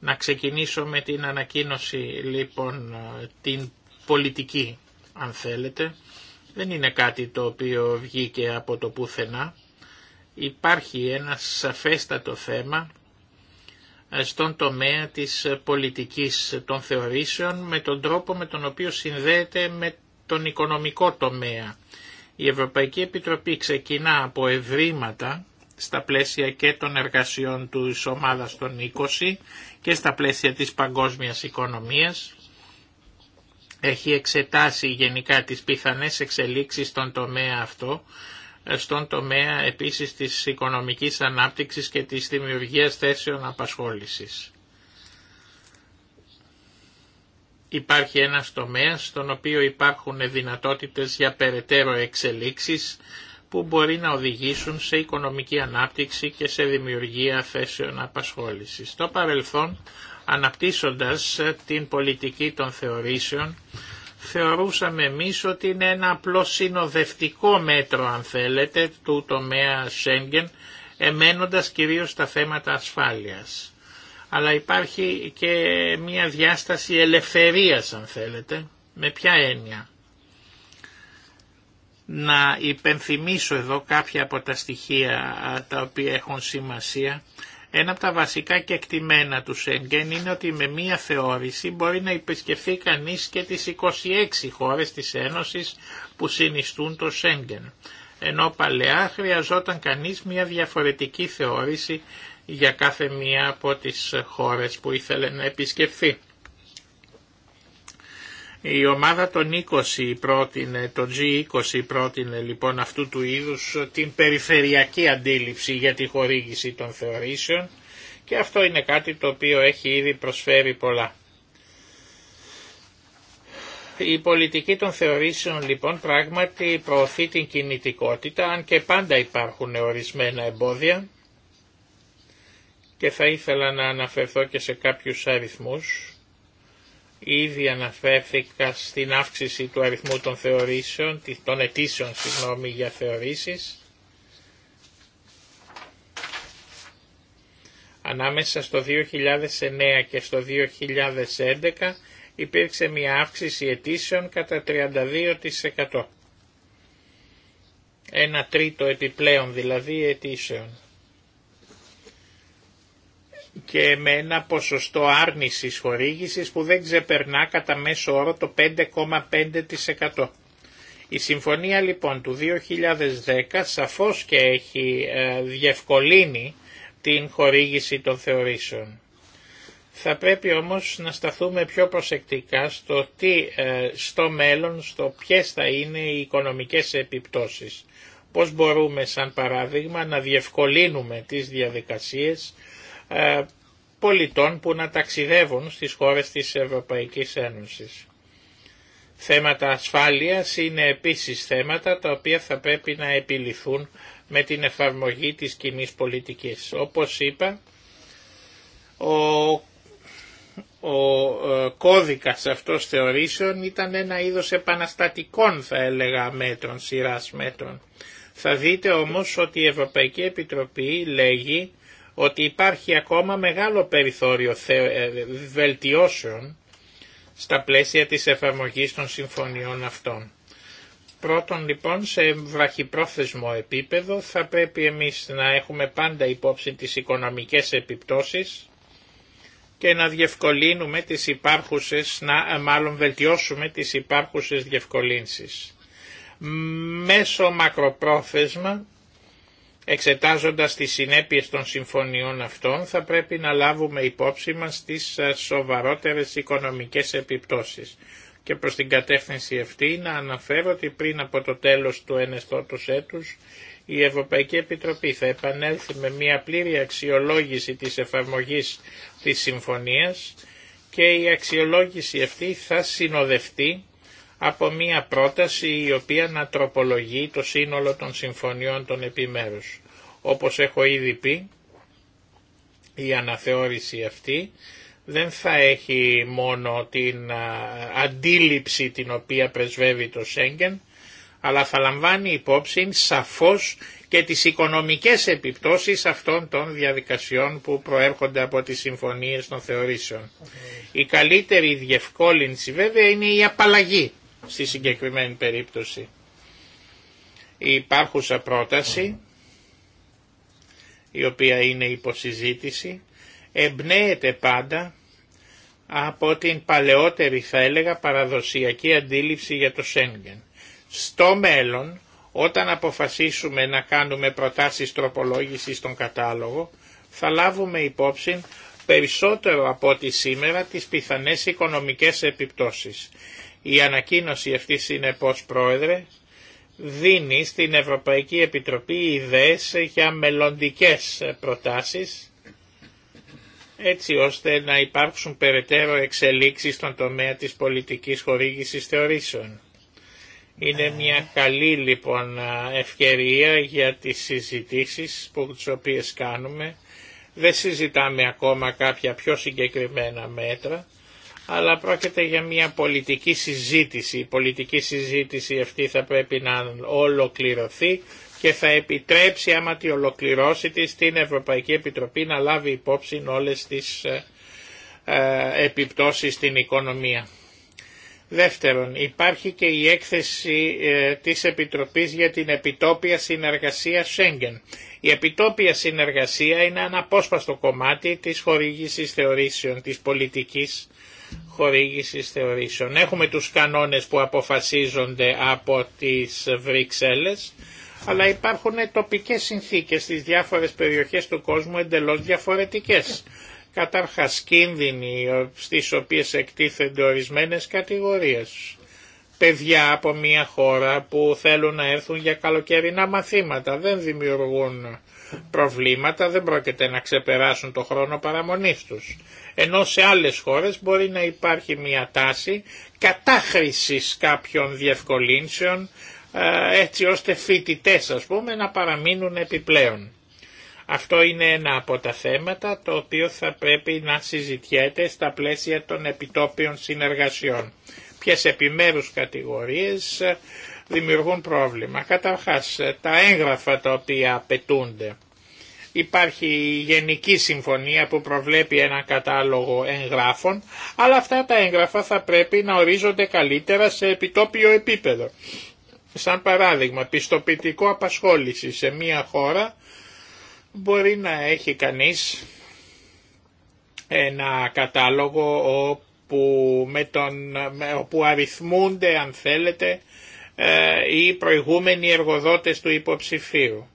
Να ξεκινήσω με την ανακοίνωση λοιπόν ε, την πολιτική αν θέλετε. Δεν είναι κάτι το οποίο βγήκε από το πουθενά. Υπάρχει ένα σαφέστατο θέμα στον τομέα της πολιτικής των θεωρήσεων με τον τρόπο με τον οποίο συνδέεται με τον οικονομικό τομέα. Η Ευρωπαϊκή Επιτροπή ξεκινά από ευρήματα στα πλαίσια και των εργασιών του ομάδα των 20 και στα πλαίσια της παγκόσμιας οικονομίας. Έχει εξετάσει γενικά τις πιθανές εξελίξεις στον τομέα αυτό στον τομέα επίσης της οικονομικής ανάπτυξης και της δημιουργίας θέσεων απασχόλησης. Υπάρχει ένας τομέας στον οποίο υπάρχουν δυνατότητες για περαιτέρω εξελίξεις που μπορεί να οδηγήσουν σε οικονομική ανάπτυξη και σε δημιουργία θέσεων απασχόλησης. Στο παρελθόν, αναπτύσσοντας την πολιτική των θεωρήσεων, θεωρούσαμε εμείς ότι είναι ένα απλό συνοδευτικό μέτρο αν θέλετε του τομέα Σέγγεν εμένοντας κυρίως τα θέματα ασφάλειας. Αλλά υπάρχει και μια διάσταση ελευθερίας αν θέλετε. Με ποια έννοια. Να υπενθυμίσω εδώ κάποια από τα στοιχεία τα οποία έχουν σημασία. Ένα από τα βασικά κεκτημένα του Σέγγεν είναι ότι με μία θεώρηση μπορεί να επισκεφθεί κανείς και τις 26 χώρες της Ένωσης που συνιστούν το Σέγγεν. Ενώ παλαιά χρειαζόταν κανείς μία διαφορετική θεώρηση για κάθε μία από τις χώρες που ήθελε να επισκεφθεί. Η ομάδα των 20 πρότεινε, το G20 πρότεινε λοιπόν αυτού του είδους την περιφερειακή αντίληψη για τη χορήγηση των θεωρήσεων και αυτό είναι κάτι το οποίο έχει ήδη προσφέρει πολλά. Η πολιτική των θεωρήσεων λοιπόν πράγματι προωθεί την κινητικότητα, αν και πάντα υπάρχουν ορισμένα εμπόδια και θα ήθελα να αναφερθώ και σε κάποιους αριθμούς Ήδη αναφέρθηκα στην αύξηση του αριθμού των θεωρήσεων, των αιτήσεων συγγνώμη, για θεωρήσεις. Ανάμεσα στο 2009 και στο 2011 υπήρξε μια αύξηση αιτήσεων κατά 32%. Ένα τρίτο επιπλέον δηλαδή αιτήσεων και με ένα ποσοστό άρνησης χορήγησης που δεν ξεπερνά κατά μέσο όρο το 5,5%. Η συμφωνία λοιπόν του 2010 σαφώς και έχει ε, διευκολύνει την χορήγηση των θεωρήσεων. Θα πρέπει όμως να σταθούμε πιο προσεκτικά στο τι ε, στο μέλλον, στο ποιες θα είναι οι οικονομικές επιπτώσεις. Πώς μπορούμε σαν παράδειγμα να διευκολύνουμε τις διαδικασίες ε, πολιτών που να ταξιδεύουν στις χώρες της Ευρωπαϊκής Ένωσης. Θέματα ασφάλειας είναι επίσης θέματα τα οποία θα πρέπει να επιληθούν με την εφαρμογή της κοινή πολιτικής. Όπως είπα, ο, ο ε, κώδικας αυτός θεωρήσεων ήταν ένα είδος επαναστατικών θα έλεγα μέτρων, σειράς μέτρων. Θα δείτε όμως ότι η Ευρωπαϊκή Επιτροπή λέγει ότι υπάρχει ακόμα μεγάλο περιθώριο ε, βελτιώσεων στα πλαίσια της εφαρμογής των συμφωνιών αυτών. Πρώτον λοιπόν σε βραχυπρόθεσμο επίπεδο θα πρέπει εμείς να έχουμε πάντα υπόψη τις οικονομικές επιπτώσεις και να διευκολύνουμε τις υπάρχουσες, να ε, μάλλον βελτιώσουμε τις υπάρχουσες διευκολύνσεις. Μέσω μακροπρόθεσμα Εξετάζοντας τις συνέπειες των συμφωνιών αυτών θα πρέπει να λάβουμε υπόψη μας τις ε, σοβαρότερες οικονομικές επιπτώσεις. Και προς την κατεύθυνση αυτή να αναφέρω ότι πριν από το τέλος του ενεστώτος έτους η Ευρωπαϊκή Επιτροπή θα επανέλθει με μια πλήρη αξιολόγηση της εφαρμογής της συμφωνίας και η αξιολόγηση αυτή θα συνοδευτεί από μία πρόταση η οποία να τροπολογεί το σύνολο των συμφωνιών των επιμέρους. Όπως έχω ήδη πει, η αναθεώρηση αυτή δεν θα έχει μόνο την αντίληψη την οποία πρεσβεύει το Σέγγεν, αλλά θα λαμβάνει υπόψη σαφώς και τις οικονομικές επιπτώσεις αυτών των διαδικασιών που προέρχονται από τις συμφωνίες των θεωρήσεων. Η καλύτερη διευκόλυνση βέβαια είναι η απαλλαγή στη συγκεκριμένη περίπτωση. Η υπάρχουσα πρόταση, η οποία είναι υποσυζήτηση, εμπνέεται πάντα από την παλαιότερη θα έλεγα παραδοσιακή αντίληψη για το Σέγγεν. Στο μέλλον, όταν αποφασίσουμε να κάνουμε προτάσεις τροπολόγησης στον κατάλογο, θα λάβουμε υπόψη περισσότερο από ό,τι σήμερα τις πιθανές οικονομικές επιπτώσεις. Η ανακοίνωση αυτή είναι πως πρόεδρε δίνει στην Ευρωπαϊκή Επιτροπή ιδέες για μελλοντικές προτάσεις έτσι ώστε να υπάρξουν περαιτέρω εξελίξεις στον τομέα της πολιτικής χορήγησης θεωρήσεων. Είναι ε. μια καλή λοιπόν ευκαιρία για τις συζητήσεις που τις οποίες κάνουμε. Δεν συζητάμε ακόμα κάποια πιο συγκεκριμένα μέτρα, αλλά πρόκειται για μια πολιτική συζήτηση. Η πολιτική συζήτηση αυτή θα πρέπει να ολοκληρωθεί και θα επιτρέψει άμα τη ολοκληρώσει τη στην Ευρωπαϊκή Επιτροπή να λάβει υπόψη όλες τις ε, ε, επιπτώσεις στην οικονομία. Δεύτερον, υπάρχει και η έκθεση ε, της Επιτροπής για την Επιτόπια Συνεργασία Σέγγεν. Η επιτόπια συνεργασία είναι ένα απόσπαστο κομμάτι της χορήγησης θεωρήσεων της πολιτικής χορήγησης θεωρήσεων. Έχουμε τους κανόνες που αποφασίζονται από τις Βρυξέλλες, αλλά υπάρχουν τοπικές συνθήκες στις διάφορες περιοχές του κόσμου εντελώς διαφορετικές. Καταρχάς κίνδυνοι στις οποίες εκτίθενται ορισμένες κατηγορίες. Παιδιά από μια χώρα που θέλουν να έρθουν για καλοκαιρινά μαθήματα δεν δημιουργούν προβλήματα δεν πρόκειται να ξεπεράσουν το χρόνο παραμονής τους. Ενώ σε άλλες χώρες μπορεί να υπάρχει μια τάση κατάχρησης κάποιων διευκολύνσεων έτσι ώστε φοιτητέ ας πούμε να παραμείνουν επιπλέον. Αυτό είναι ένα από τα θέματα το οποίο θα πρέπει να συζητιέται στα πλαίσια των επιτόπιων συνεργασιών. Ποιες επιμέρους κατηγορίες δημιουργούν πρόβλημα. Καταρχάς, ε, τα έγγραφα τα οποία απαιτούνται. Υπάρχει η Γενική Συμφωνία που προβλέπει ένα κατάλογο εγγράφων, αλλά αυτά τα έγγραφα θα πρέπει να ορίζονται καλύτερα σε επιτόπιο επίπεδο. Σαν παράδειγμα, πιστοποιητικό απασχόληση σε μία χώρα μπορεί να έχει κανείς ένα κατάλογο όπου, με όπου αριθμούνται αν θέλετε ε, οι προηγούμενοι εργοδότες του υποψηφίου.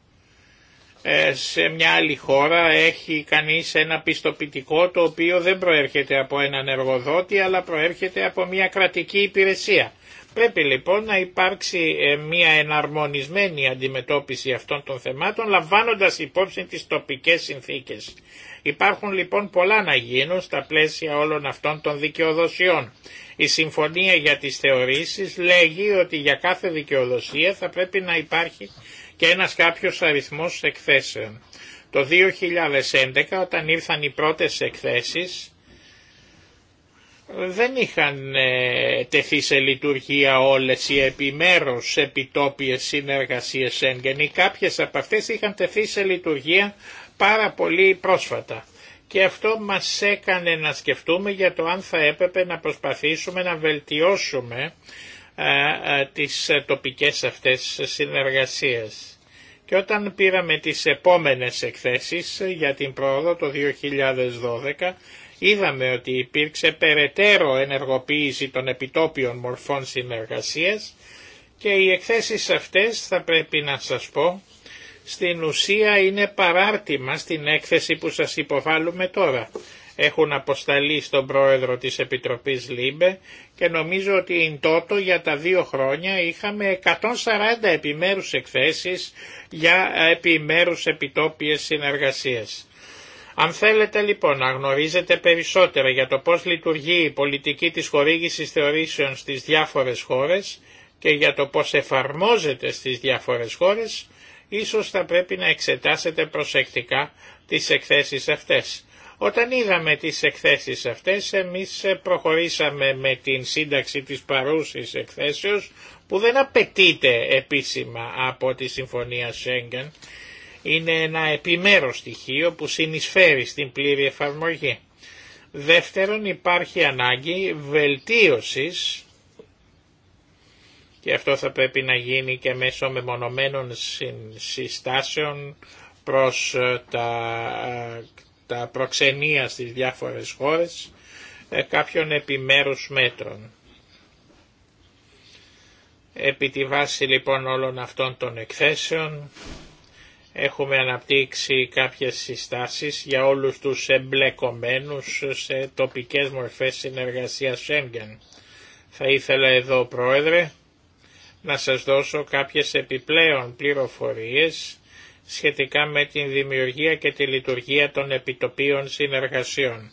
Ε, σε μια άλλη χώρα έχει κανείς ένα πιστοποιητικό το οποίο δεν προέρχεται από έναν εργοδότη αλλά προέρχεται από μια κρατική υπηρεσία. Πρέπει λοιπόν να υπάρξει ε, μια εναρμονισμένη αντιμετώπιση αυτών των θεμάτων λαμβάνοντας υπόψη τις τοπικές συνθήκες. Υπάρχουν λοιπόν πολλά να γίνουν στα πλαίσια όλων αυτών των δικαιοδοσιών. Η Συμφωνία για τις Θεωρήσεις λέγει ότι για κάθε δικαιοδοσία θα πρέπει να υπάρχει και ένας κάποιος αριθμός εκθέσεων. Το 2011 όταν ήρθαν οι πρώτες εκθέσεις δεν είχαν ε, τεθεί σε λειτουργία όλες οι επιμέρους επιτόπιες συνεργασίες έγκαινοι. Κάποιες από αυτές είχαν τεθεί σε λειτουργία πάρα πολύ πρόσφατα. Και αυτό μας έκανε να σκεφτούμε για το αν θα έπρεπε να προσπαθήσουμε να βελτιώσουμε ε, ε, τις τοπικές αυτές συνεργασίες. Και όταν πήραμε τις επόμενες εκθέσεις για την πρόοδο το 2012, Είδαμε ότι υπήρξε περαιτέρω ενεργοποίηση των επιτόπιων μορφών συνεργασίας και οι εκθέσεις αυτές θα πρέπει να σας πω στην ουσία είναι παράρτημα στην έκθεση που σας υποβάλλουμε τώρα. Έχουν αποσταλεί στον πρόεδρο της Επιτροπής Λίμπε και νομίζω ότι εν τότο για τα δύο χρόνια είχαμε 140 επιμέρους εκθέσεις για επιμέρους επιτόπιες συνεργασίες. Αν θέλετε λοιπόν να γνωρίζετε περισσότερα για το πώς λειτουργεί η πολιτική της χορήγησης θεωρήσεων στις διάφορες χώρες και για το πώς εφαρμόζεται στις διάφορες χώρες, ίσως θα πρέπει να εξετάσετε προσεκτικά τις εκθέσεις αυτές. Όταν είδαμε τις εκθέσεις αυτές, εμείς προχωρήσαμε με την σύνταξη της παρούσης εκθέσεως, που δεν απαιτείται επίσημα από τη Συμφωνία Σέγγεν, είναι ένα επιμέρο στοιχείο που συνεισφέρει στην πλήρη εφαρμογή. Δεύτερον υπάρχει ανάγκη βελτίωσης και αυτό θα πρέπει να γίνει και μέσω μεμονωμένων συστάσεων προς ε, τα, ε, τα προξενία στις διάφορες χώρες ε, κάποιων επιμέρους μέτρων. Επί τη βάση λοιπόν όλων αυτών των εκθέσεων Έχουμε αναπτύξει κάποιες συστάσεις για όλους τους εμπλεκομένους σε τοπικές μορφές συνεργασίας Schengen. Θα ήθελα εδώ, Πρόεδρε, να σας δώσω κάποιες επιπλέον πληροφορίες σχετικά με την δημιουργία και τη λειτουργία των επιτοπίων συνεργασιών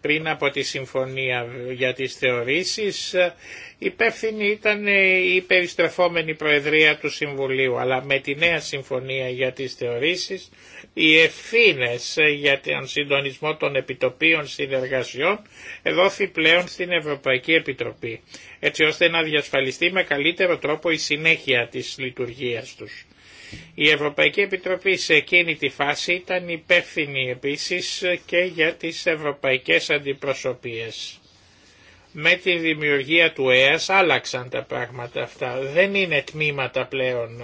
πριν από τη συμφωνία για τις θεωρήσεις ε, υπεύθυνη ήταν η περιστρεφόμενη προεδρία του Συμβουλίου αλλά με τη νέα συμφωνία για τις θεωρήσεις οι ευθύνε για τον συντονισμό των επιτοπίων συνεργασιών δόθη πλέον στην Ευρωπαϊκή Επιτροπή έτσι ώστε να διασφαλιστεί με καλύτερο τρόπο η συνέχεια της λειτουργίας τους. Η Ευρωπαϊκή Επιτροπή σε εκείνη τη φάση ήταν υπεύθυνη επίσης και για τις ευρωπαϊκές αντιπροσωπίες. Με τη δημιουργία του ΕΑΣ άλλαξαν τα πράγματα αυτά. Δεν είναι τμήματα πλέον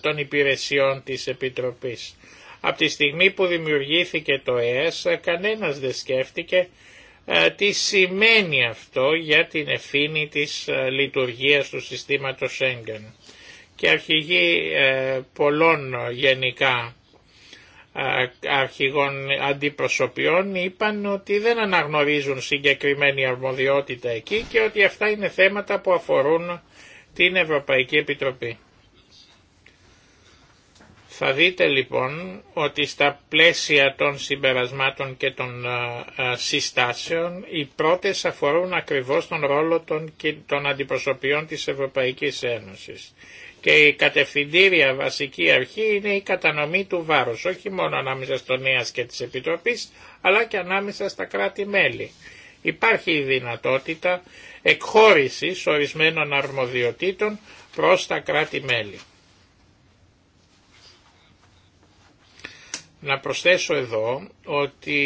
των υπηρεσιών της Επιτροπής. Από τη στιγμή που δημιουργήθηκε το ΕΑΣ κανένας δεν σκέφτηκε τι σημαίνει αυτό για την ευθύνη της λειτουργίας του συστήματος Schengen και αρχηγοί ε, πολλών γενικά ε, αρχηγών αντιπροσωπιών είπαν ότι δεν αναγνωρίζουν συγκεκριμένη αρμοδιότητα εκεί και ότι αυτά είναι θέματα που αφορούν την Ευρωπαϊκή Επιτροπή. Θα δείτε λοιπόν ότι στα πλαίσια των συμπερασμάτων και των ε, συστάσεων οι πρώτες αφορούν ακριβώς τον ρόλο των, των αντιπροσωπιών της Ευρωπαϊκής Ένωσης και η κατευθυντήρια βασική αρχή είναι η κατανομή του βάρους, όχι μόνο ανάμεσα στον ΕΑΣ και της Επιτροπής, αλλά και ανάμεσα στα κράτη-μέλη. Υπάρχει η δυνατότητα εκχώρησης ορισμένων αρμοδιοτήτων προς τα κράτη-μέλη. Να προσθέσω εδώ ότι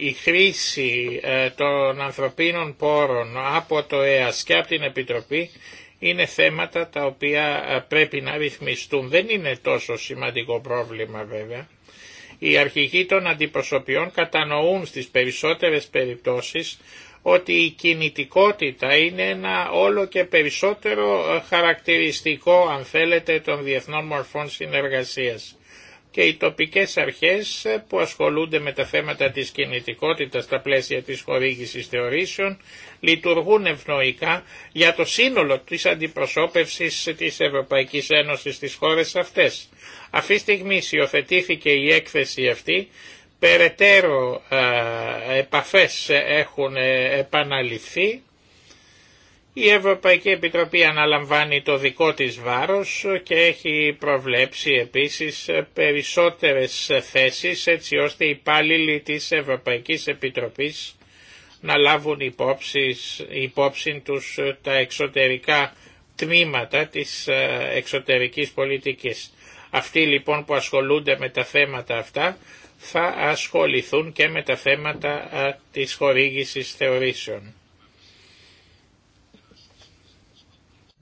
η χρήση ε, των ανθρωπίνων πόρων από το ΕΑΣ και από την Επιτροπή είναι θέματα τα οποία ε, πρέπει να ρυθμιστούν. Δεν είναι τόσο σημαντικό πρόβλημα βέβαια. Οι αρχηγοί των αντιπροσωπιών κατανοούν στις περισσότερες περιπτώσεις ότι η κινητικότητα είναι ένα όλο και περισσότερο ε, χαρακτηριστικό αν θέλετε των διεθνών μορφών συνεργασίας και οι τοπικές αρχές που ασχολούνται με τα θέματα της κινητικότητας στα πλαίσια της χορήγησης θεωρήσεων λειτουργούν ευνοϊκά για το σύνολο της αντιπροσώπευσης της Ευρωπαϊκής Ένωσης στις χώρες αυτές. Αυτή τη στιγμή υιοθετήθηκε η έκθεση αυτή, περαιτέρω α, ε, επαφές έχουν ε, επαναληφθεί η Ευρωπαϊκή Επιτροπή αναλαμβάνει το δικό της βάρος και έχει προβλέψει επίσης περισσότερες θέσεις έτσι ώστε οι υπάλληλοι της Ευρωπαϊκής Επιτροπής να λάβουν υπόψη, υπόψη τους τα εξωτερικά τμήματα της εξωτερικής πολιτικής. Αυτοί λοιπόν που ασχολούνται με τα θέματα αυτά θα ασχοληθούν και με τα θέματα της χορήγησης θεωρήσεων.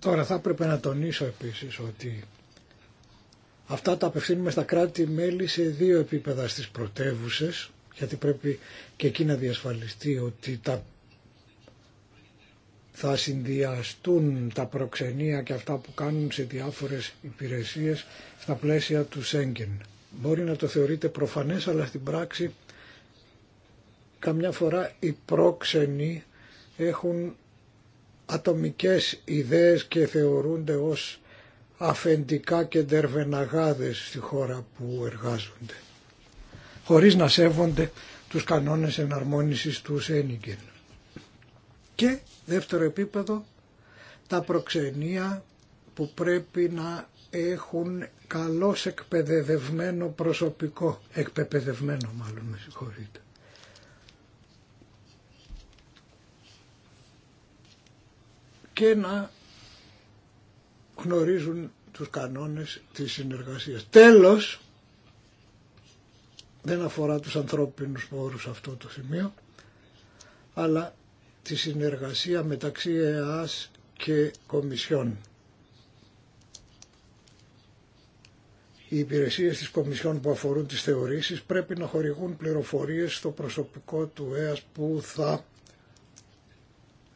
Τώρα θα έπρεπε να τονίσω επίσης ότι αυτά τα απευθύνουμε στα κράτη-μέλη σε δύο επίπεδα στις πρωτεύουσε, γιατί πρέπει και εκεί να διασφαλιστεί ότι τα θα συνδυαστούν τα προξενία και αυτά που κάνουν σε διάφορες υπηρεσίες στα πλαίσια του Σέγγεν. Μπορεί να το θεωρείτε προφανές, αλλά στην πράξη καμιά φορά οι πρόξενοι έχουν ατομικές ιδέες και θεωρούνται ως αφεντικά και ντερβεναγάδες στη χώρα που εργάζονται, χωρίς να σέβονται τους κανόνες εναρμόνισης του Σένιγκεν. Και δεύτερο επίπεδο, τα προξενία που πρέπει να έχουν καλώς εκπαιδευμένο προσωπικό, εκπαιδευμένο μάλλον με συγχωρείτε. και να γνωρίζουν τους κανόνες της συνεργασίας. Τέλος, δεν αφορά τους ανθρώπινους πόρους αυτό το σημείο, αλλά τη συνεργασία μεταξύ ΕΑΣ και Κομισιόν. Οι υπηρεσίες της Κομισιόν που αφορούν τις θεωρήσεις πρέπει να χορηγούν πληροφορίες στο προσωπικό του ΕΑΣ που θα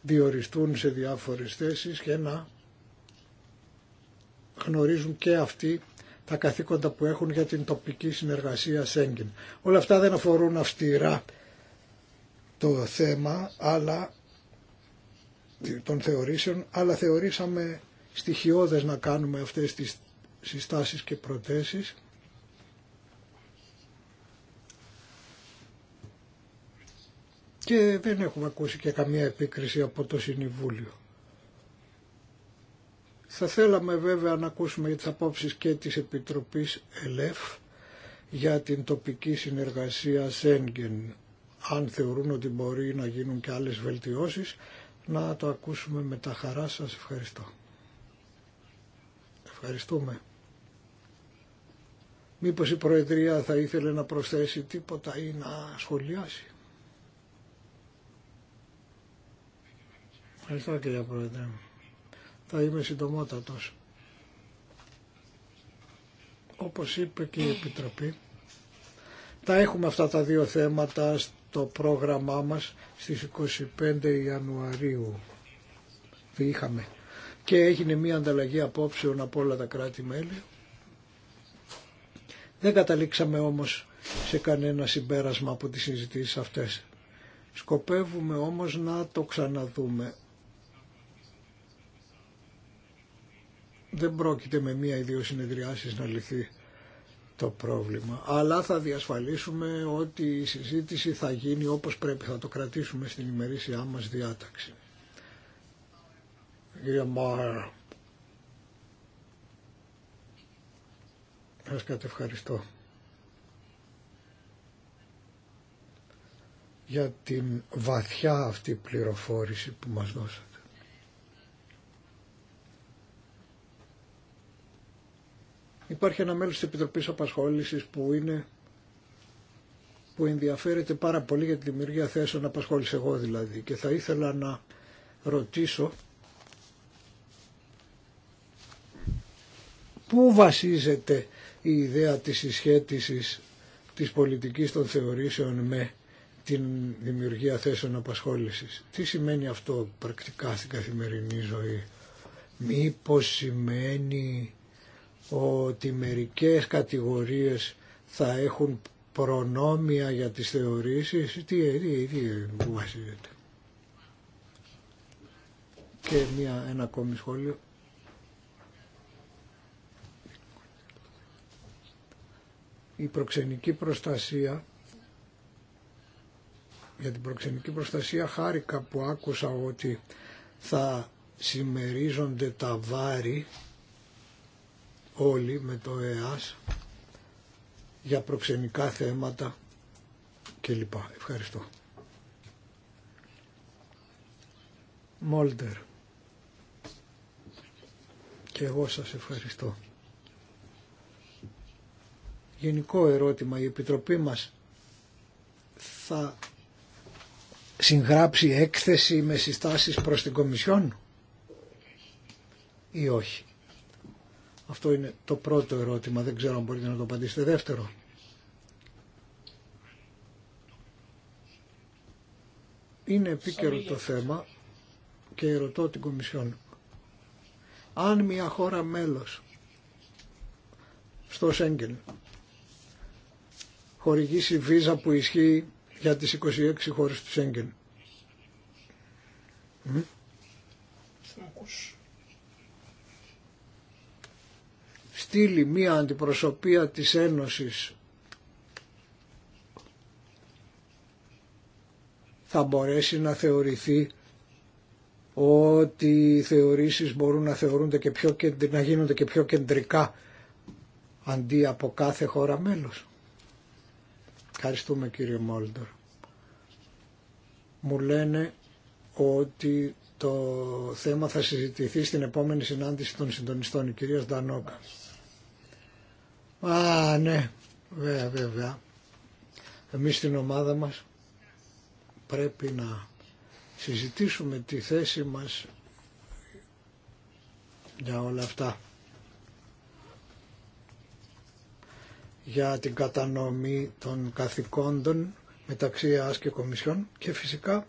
διοριστούν σε διάφορες θέσεις και να γνωρίζουν και αυτοί τα καθήκοντα που έχουν για την τοπική συνεργασία Σέγγιν. Όλα αυτά δεν αφορούν αυστηρά το θέμα αλλά των θεωρήσεων, αλλά θεωρήσαμε στοιχειώδες να κάνουμε αυτές τις συστάσεις και προτέσεις και δεν έχουμε ακούσει και καμία επίκριση από το Συνειβούλιο. Θα θέλαμε βέβαια να ακούσουμε τις απόψεις και της Επιτροπής ΕΛΕΦ για την τοπική συνεργασία ΣΕΝΚΕΝ. Αν θεωρούν ότι μπορεί να γίνουν και άλλες βελτιώσεις, να το ακούσουμε με τα χαρά σας. Ευχαριστώ. Ευχαριστούμε. Μήπως η Προεδρία θα ήθελε να προσθέσει τίποτα ή να σχολιάσει. Ευχαριστώ κύριε Πρόεδρε. Θα είμαι συντομότατος. Όπως είπε και η Επιτροπή, τα έχουμε αυτά τα δύο θέματα στο πρόγραμμά μας στις 25 Ιανουαρίου. είχαμε. Και έγινε μία ανταλλαγή απόψεων από όλα τα κράτη-μέλη. Δεν καταλήξαμε όμως σε κανένα συμπέρασμα από τις συζητήσεις αυτές. Σκοπεύουμε όμως να το ξαναδούμε. δεν πρόκειται με μία ή δύο συνεδριάσεις να λυθεί το πρόβλημα. Αλλά θα διασφαλίσουμε ότι η συζήτηση θα γίνει όπως πρέπει. Θα το κρατήσουμε στην ημερήσια μας διάταξη. Κύριε Μάρ, σας κατευχαριστώ για την βαθιά αυτή πληροφόρηση που μας δώσατε. Υπάρχει ένα μέλος της Επιτροπής Απασχόλησης που είναι που ενδιαφέρεται πάρα πολύ για τη δημιουργία θέσεων απασχόληση εγώ δηλαδή και θα ήθελα να ρωτήσω πού βασίζεται η ιδέα της συσχέτισης της πολιτικής των θεωρήσεων με την δημιουργία θέσεων απασχόλησης. Τι σημαίνει αυτό πρακτικά στην καθημερινή ζωή. Μήπως σημαίνει ότι μερικές κατηγορίες θα έχουν προνόμια για τις θεωρήσεις, τι, τι, τι βασίζεται. Και μια, ένα ακόμη σχόλιο. Η προξενική προστασία για την προξενική προστασία χάρηκα που άκουσα ότι θα συμμερίζονται τα βάρη όλοι με το ΕΑΣ για προξενικά θέματα κλπ. Ευχαριστώ. Μόλτερ. Και εγώ σας ευχαριστώ. Γενικό ερώτημα. Η Επιτροπή μας θα συγγράψει έκθεση με συστάσεις προς την Κομισιόν ή όχι. Αυτό είναι το πρώτο ερώτημα, δεν ξέρω αν μπορείτε να το απαντήσετε. Δεύτερο. Είναι επίκαιρο το θέμα και ερωτώ την Κομισιόν. Αν μια χώρα μέλος στο Σέγγεν χορηγήσει βίζα που ισχύει για τις 26 χώρες του Σέγγεν. στείλει μία αντιπροσωπεία της Ένωσης θα μπορέσει να θεωρηθεί ότι οι θεωρήσεις μπορούν να, θεωρούνται και πιο, να γίνονται και πιο κεντρικά αντί από κάθε χώρα μέλος. Ευχαριστούμε κύριε Μόλντορ. Μου λένε ότι το θέμα θα συζητηθεί στην επόμενη συνάντηση των συντονιστών, η κυρία Στανόκα. Α, ναι, βέβαια, βέβαια. Εμείς στην ομάδα μας πρέπει να συζητήσουμε τη θέση μας για όλα αυτά. Για την κατανομή των καθηκόντων μεταξύ άς και Κομισιόν και φυσικά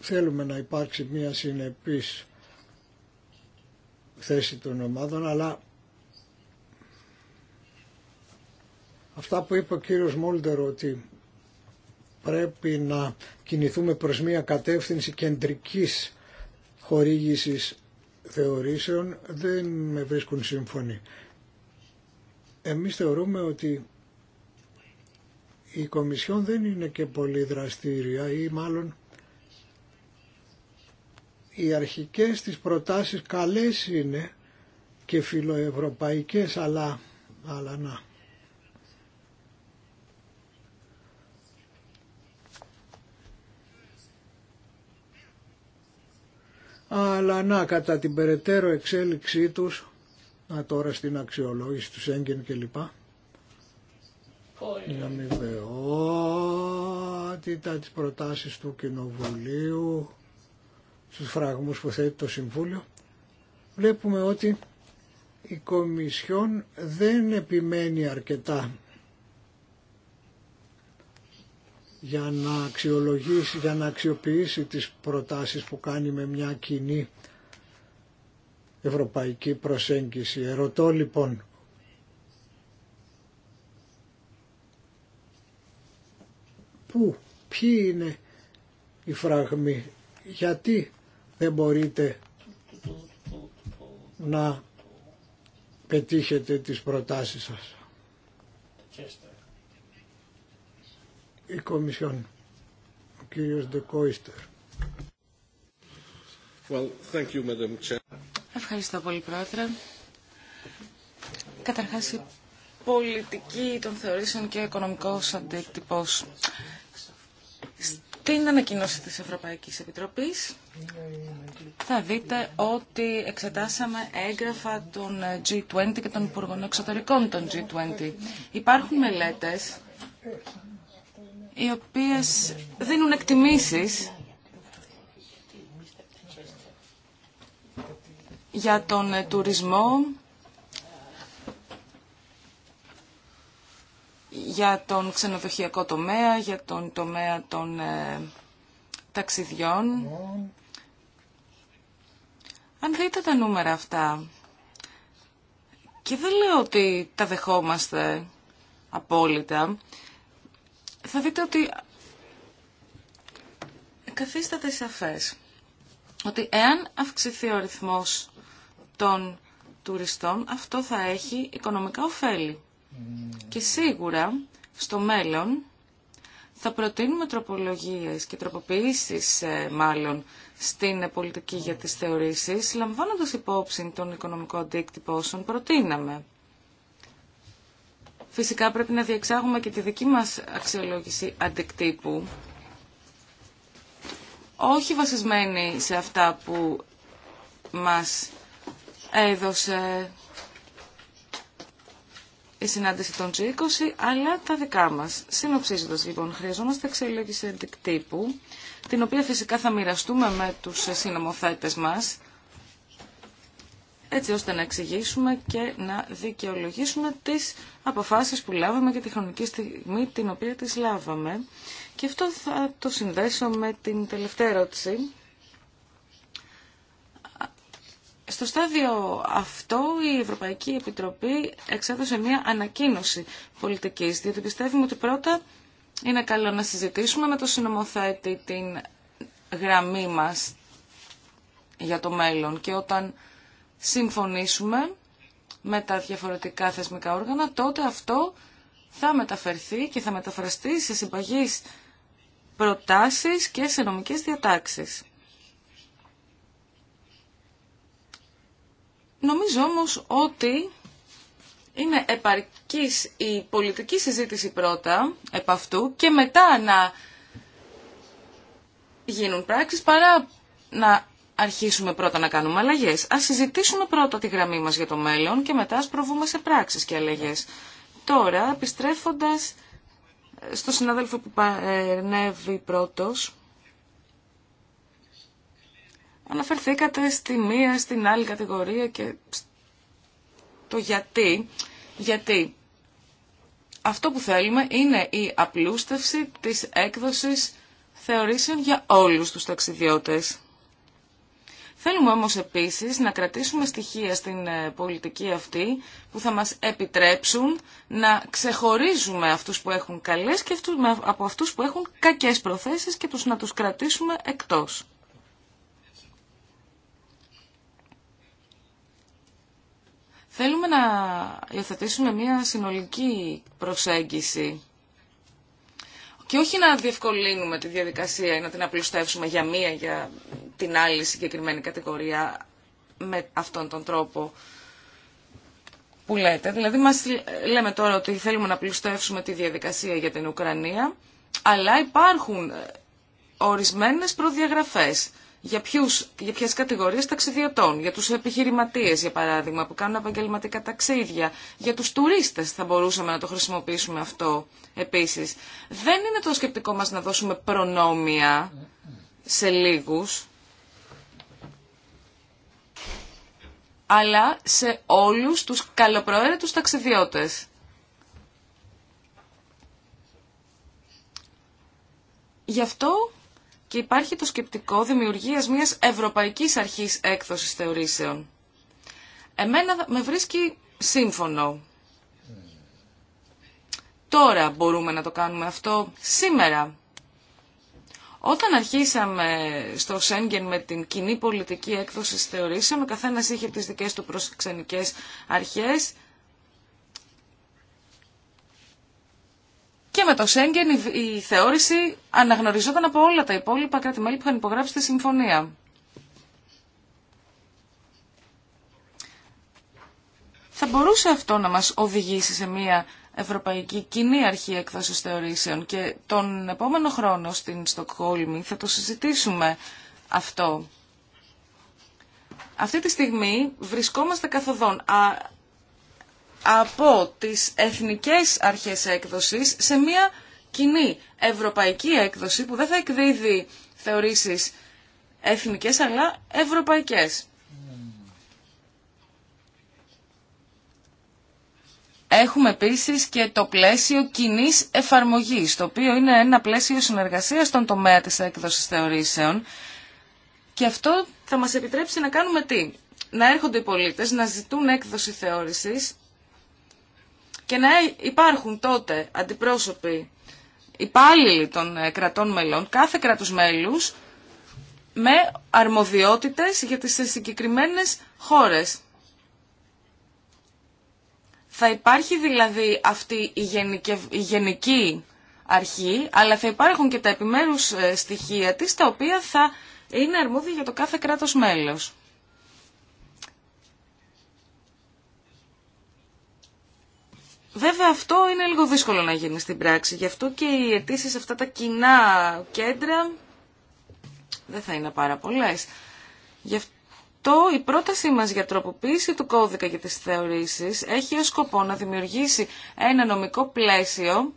θέλουμε να υπάρξει μια συνεπής θέση των ομάδων, αλλά αυτά που είπε ο κύριος Μόλτερ ότι πρέπει να κινηθούμε προς μια κατεύθυνση κεντρικής χορήγησης θεωρήσεων δεν με βρίσκουν συμφώνη. Εμείς θεωρούμε ότι η Κομισιόν δεν είναι και πολύ δραστήρια ή μάλλον οι αρχικές της προτάσεις καλές είναι και φιλοευρωπαϊκές αλλά, αλλά να. Αλλά να, κατά την περαιτέρω εξέλιξή τους, να τώρα στην αξιολόγηση του Σέγγεν και λοιπά, η αμοιβαιότητα της προτάσεις του Κοινοβουλίου, στους φραγμούς που θέτει το Συμβούλιο, βλέπουμε ότι η Κομισιόν δεν επιμένει αρκετά για να αξιολογήσει, για να αξιοποιήσει τις προτάσεις που κάνει με μια κοινή ευρωπαϊκή προσέγγιση. Ερωτώ λοιπόν, πού, ποιοι είναι οι φραγμοί, γιατί δεν μπορείτε να πετύχετε τις προτάσεις σας. Η Κομισιόν, ο κύριος Ντεκόιστερ. Well, thank you, Madam Chair. Ευχαριστώ πολύ, Πρόεδρε. Καταρχάς, η πολιτική των θεωρήσεων και ο οικονομικός αντίκτυπος την ανακοίνωση της Ευρωπαϊκής Επιτροπής θα δείτε ότι εξετάσαμε έγγραφα των G20 και των Υπουργών Εξωτερικών των G20. Υπάρχουν μελέτες οι οποίες δίνουν εκτιμήσεις για τον τουρισμό, για τον ξενοδοχειακό τομέα, για τον τομέα των ε, ταξιδιών. Αν δείτε τα νούμερα αυτά, και δεν λέω ότι τα δεχόμαστε απόλυτα, θα δείτε ότι καθίσταται σαφές ότι εάν αυξηθεί ο ρυθμός των τουριστών, αυτό θα έχει οικονομικά ωφέλη. Και σίγουρα στο μέλλον θα προτείνουμε τροπολογίες και τροποποιήσεις ε, μάλλον στην πολιτική για τις θεωρήσεις, λαμβάνοντας υπόψη τον οικονομικό αντίκτυπο όσων προτείναμε. Φυσικά πρέπει να διεξάγουμε και τη δική μας αξιολόγηση αντικτύπου, όχι βασισμένη σε αυτά που μας έδωσε η συνάντηση των G20, αλλά τα δικά μας. Συνοψίζοντα λοιπόν, χρειαζόμαστε αξιολόγηση αντικτύπου, την οποία φυσικά θα μοιραστούμε με τους συνομοθέτε μας, έτσι ώστε να εξηγήσουμε και να δικαιολογήσουμε τις αποφάσεις που λάβαμε και τη χρονική στιγμή την οποία τις λάβαμε. Και αυτό θα το συνδέσω με την τελευταία ερώτηση Στο στάδιο αυτό η Ευρωπαϊκή Επιτροπή εξέδωσε μια ανακοίνωση πολιτικής, διότι πιστεύουμε ότι πρώτα είναι καλό να συζητήσουμε με το συνομοθέτη την γραμμή μας για το μέλλον και όταν συμφωνήσουμε με τα διαφορετικά θεσμικά όργανα, τότε αυτό θα μεταφερθεί και θα μεταφραστεί σε συμπαγείς προτάσεις και σε νομικές διατάξεις. Νομίζω όμως ότι είναι επαρκής η πολιτική συζήτηση πρώτα επ' αυτού και μετά να γίνουν πράξεις παρά να αρχίσουμε πρώτα να κάνουμε αλλαγές. Ας συζητήσουμε πρώτα τη γραμμή μας για το μέλλον και μετά ας προβούμε σε πράξεις και αλλαγές. Τώρα, επιστρέφοντας στο συνάδελφο που παρνεύει πρώτος, Αναφερθήκατε στη μία, στην άλλη κατηγορία και το γιατί. Γιατί αυτό που θέλουμε είναι η απλούστευση της έκδοσης θεωρήσεων για όλους τους ταξιδιώτες. Θέλουμε όμως επίσης να κρατήσουμε στοιχεία στην ε, πολιτική αυτή που θα μας επιτρέψουν να ξεχωρίζουμε αυτούς που έχουν καλές και από αυτούς που έχουν κακές προθέσεις και τους να τους κρατήσουμε εκτός. Θέλουμε να υιοθετήσουμε μια συνολική προσέγγιση και όχι να διευκολύνουμε τη διαδικασία ή να την απλουστεύσουμε για μία για την άλλη συγκεκριμένη κατηγορία με αυτόν τον τρόπο που λέτε. Δηλαδή μας λέμε τώρα ότι θέλουμε να απλουστεύσουμε τη διαδικασία για την Ουκρανία αλλά υπάρχουν ορισμένες προδιαγραφές για, ποιους, για ποιες κατηγορίες ταξιδιωτών, για τους επιχειρηματίες για παράδειγμα που κάνουν επαγγελματικά ταξίδια, για τους τουρίστες θα μπορούσαμε να το χρησιμοποιήσουμε αυτό επίσης. Δεν είναι το σκεπτικό μας να δώσουμε προνόμια σε λίγους, αλλά σε όλους τους καλοπροαίρετους ταξιδιώτες. Γι' αυτό και υπάρχει το σκεπτικό δημιουργίας μιας ευρωπαϊκής αρχής έκδοσης θεωρήσεων. Εμένα με βρίσκει σύμφωνο. Τώρα μπορούμε να το κάνουμε αυτό, σήμερα. Όταν αρχίσαμε στο Σέγγεν με την κοινή πολιτική έκδοση θεωρήσεων, ο καθένας είχε τις δικές του προξενικές αρχές Και με το Σέγγεν η θεώρηση αναγνωριζόταν από όλα τα υπόλοιπα κράτη-μέλη που είχαν υπογράψει τη συμφωνία. Θα μπορούσε αυτό να μας οδηγήσει σε μια ευρωπαϊκή κοινή αρχή εκδόσεως θεωρήσεων και τον επόμενο χρόνο στην Στοκχόλμη θα το συζητήσουμε αυτό. Αυτή τη στιγμή βρισκόμαστε καθοδόν από τις εθνικές αρχές έκδοσης σε μια κοινή ευρωπαϊκή έκδοση που δεν θα εκδίδει θεωρήσεις εθνικές αλλά ευρωπαϊκές. Έχουμε επίσης και το πλαίσιο κοινή εφαρμογής, το οποίο είναι ένα πλαίσιο συνεργασίας στον τομέα της έκδοσης θεωρήσεων και αυτό θα μας επιτρέψει να κάνουμε τι. Να έρχονται οι πολίτες, να ζητούν έκδοση θεώρησης και να υπάρχουν τότε αντιπρόσωποι υπάλληλοι των ε, κρατών μελών, κάθε κράτος μέλους, με αρμοδιότητες για τις συγκεκριμένες χώρες. Θα υπάρχει δηλαδή αυτή η γενική αρχή, αλλά θα υπάρχουν και τα επιμέρους ε, στοιχεία της, τα οποία θα είναι αρμόδια για το κάθε κράτος μέλος. Βέβαια αυτό είναι λίγο δύσκολο να γίνει στην πράξη, γι' αυτό και οι αιτήσει σε αυτά τα κοινά κέντρα δεν θα είναι πάρα πολλέ. Γι' αυτό η πρότασή μας για τροποποίηση του κώδικα για τις θεωρήσεις έχει ως σκοπό να δημιουργήσει ένα νομικό πλαίσιο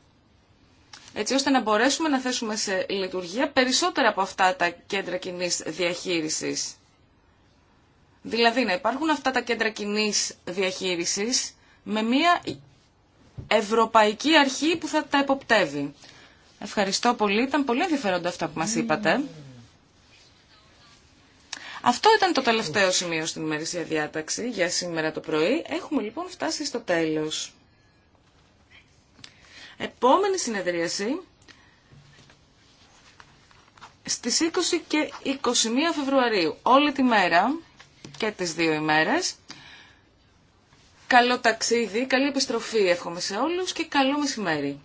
έτσι ώστε να μπορέσουμε να θέσουμε σε λειτουργία περισσότερα από αυτά τα κέντρα κοινή διαχείρισης. Δηλαδή να υπάρχουν αυτά τα κέντρα κοινή διαχείρισης με μία ευρωπαϊκή αρχή που θα τα εποπτεύει. Ευχαριστώ πολύ. Ήταν πολύ ενδιαφέροντα αυτά που μας είπατε. Αυτό ήταν το τελευταίο σημείο στην ημερήσια διάταξη για σήμερα το πρωί. Έχουμε λοιπόν φτάσει στο τέλος. Επόμενη συνεδρίαση στις 20 και 21 Φεβρουαρίου, όλη τη μέρα και τις δύο ημέρες, Καλό ταξίδι, καλή επιστροφή εύχομαι σε όλους και καλό μεσημέρι.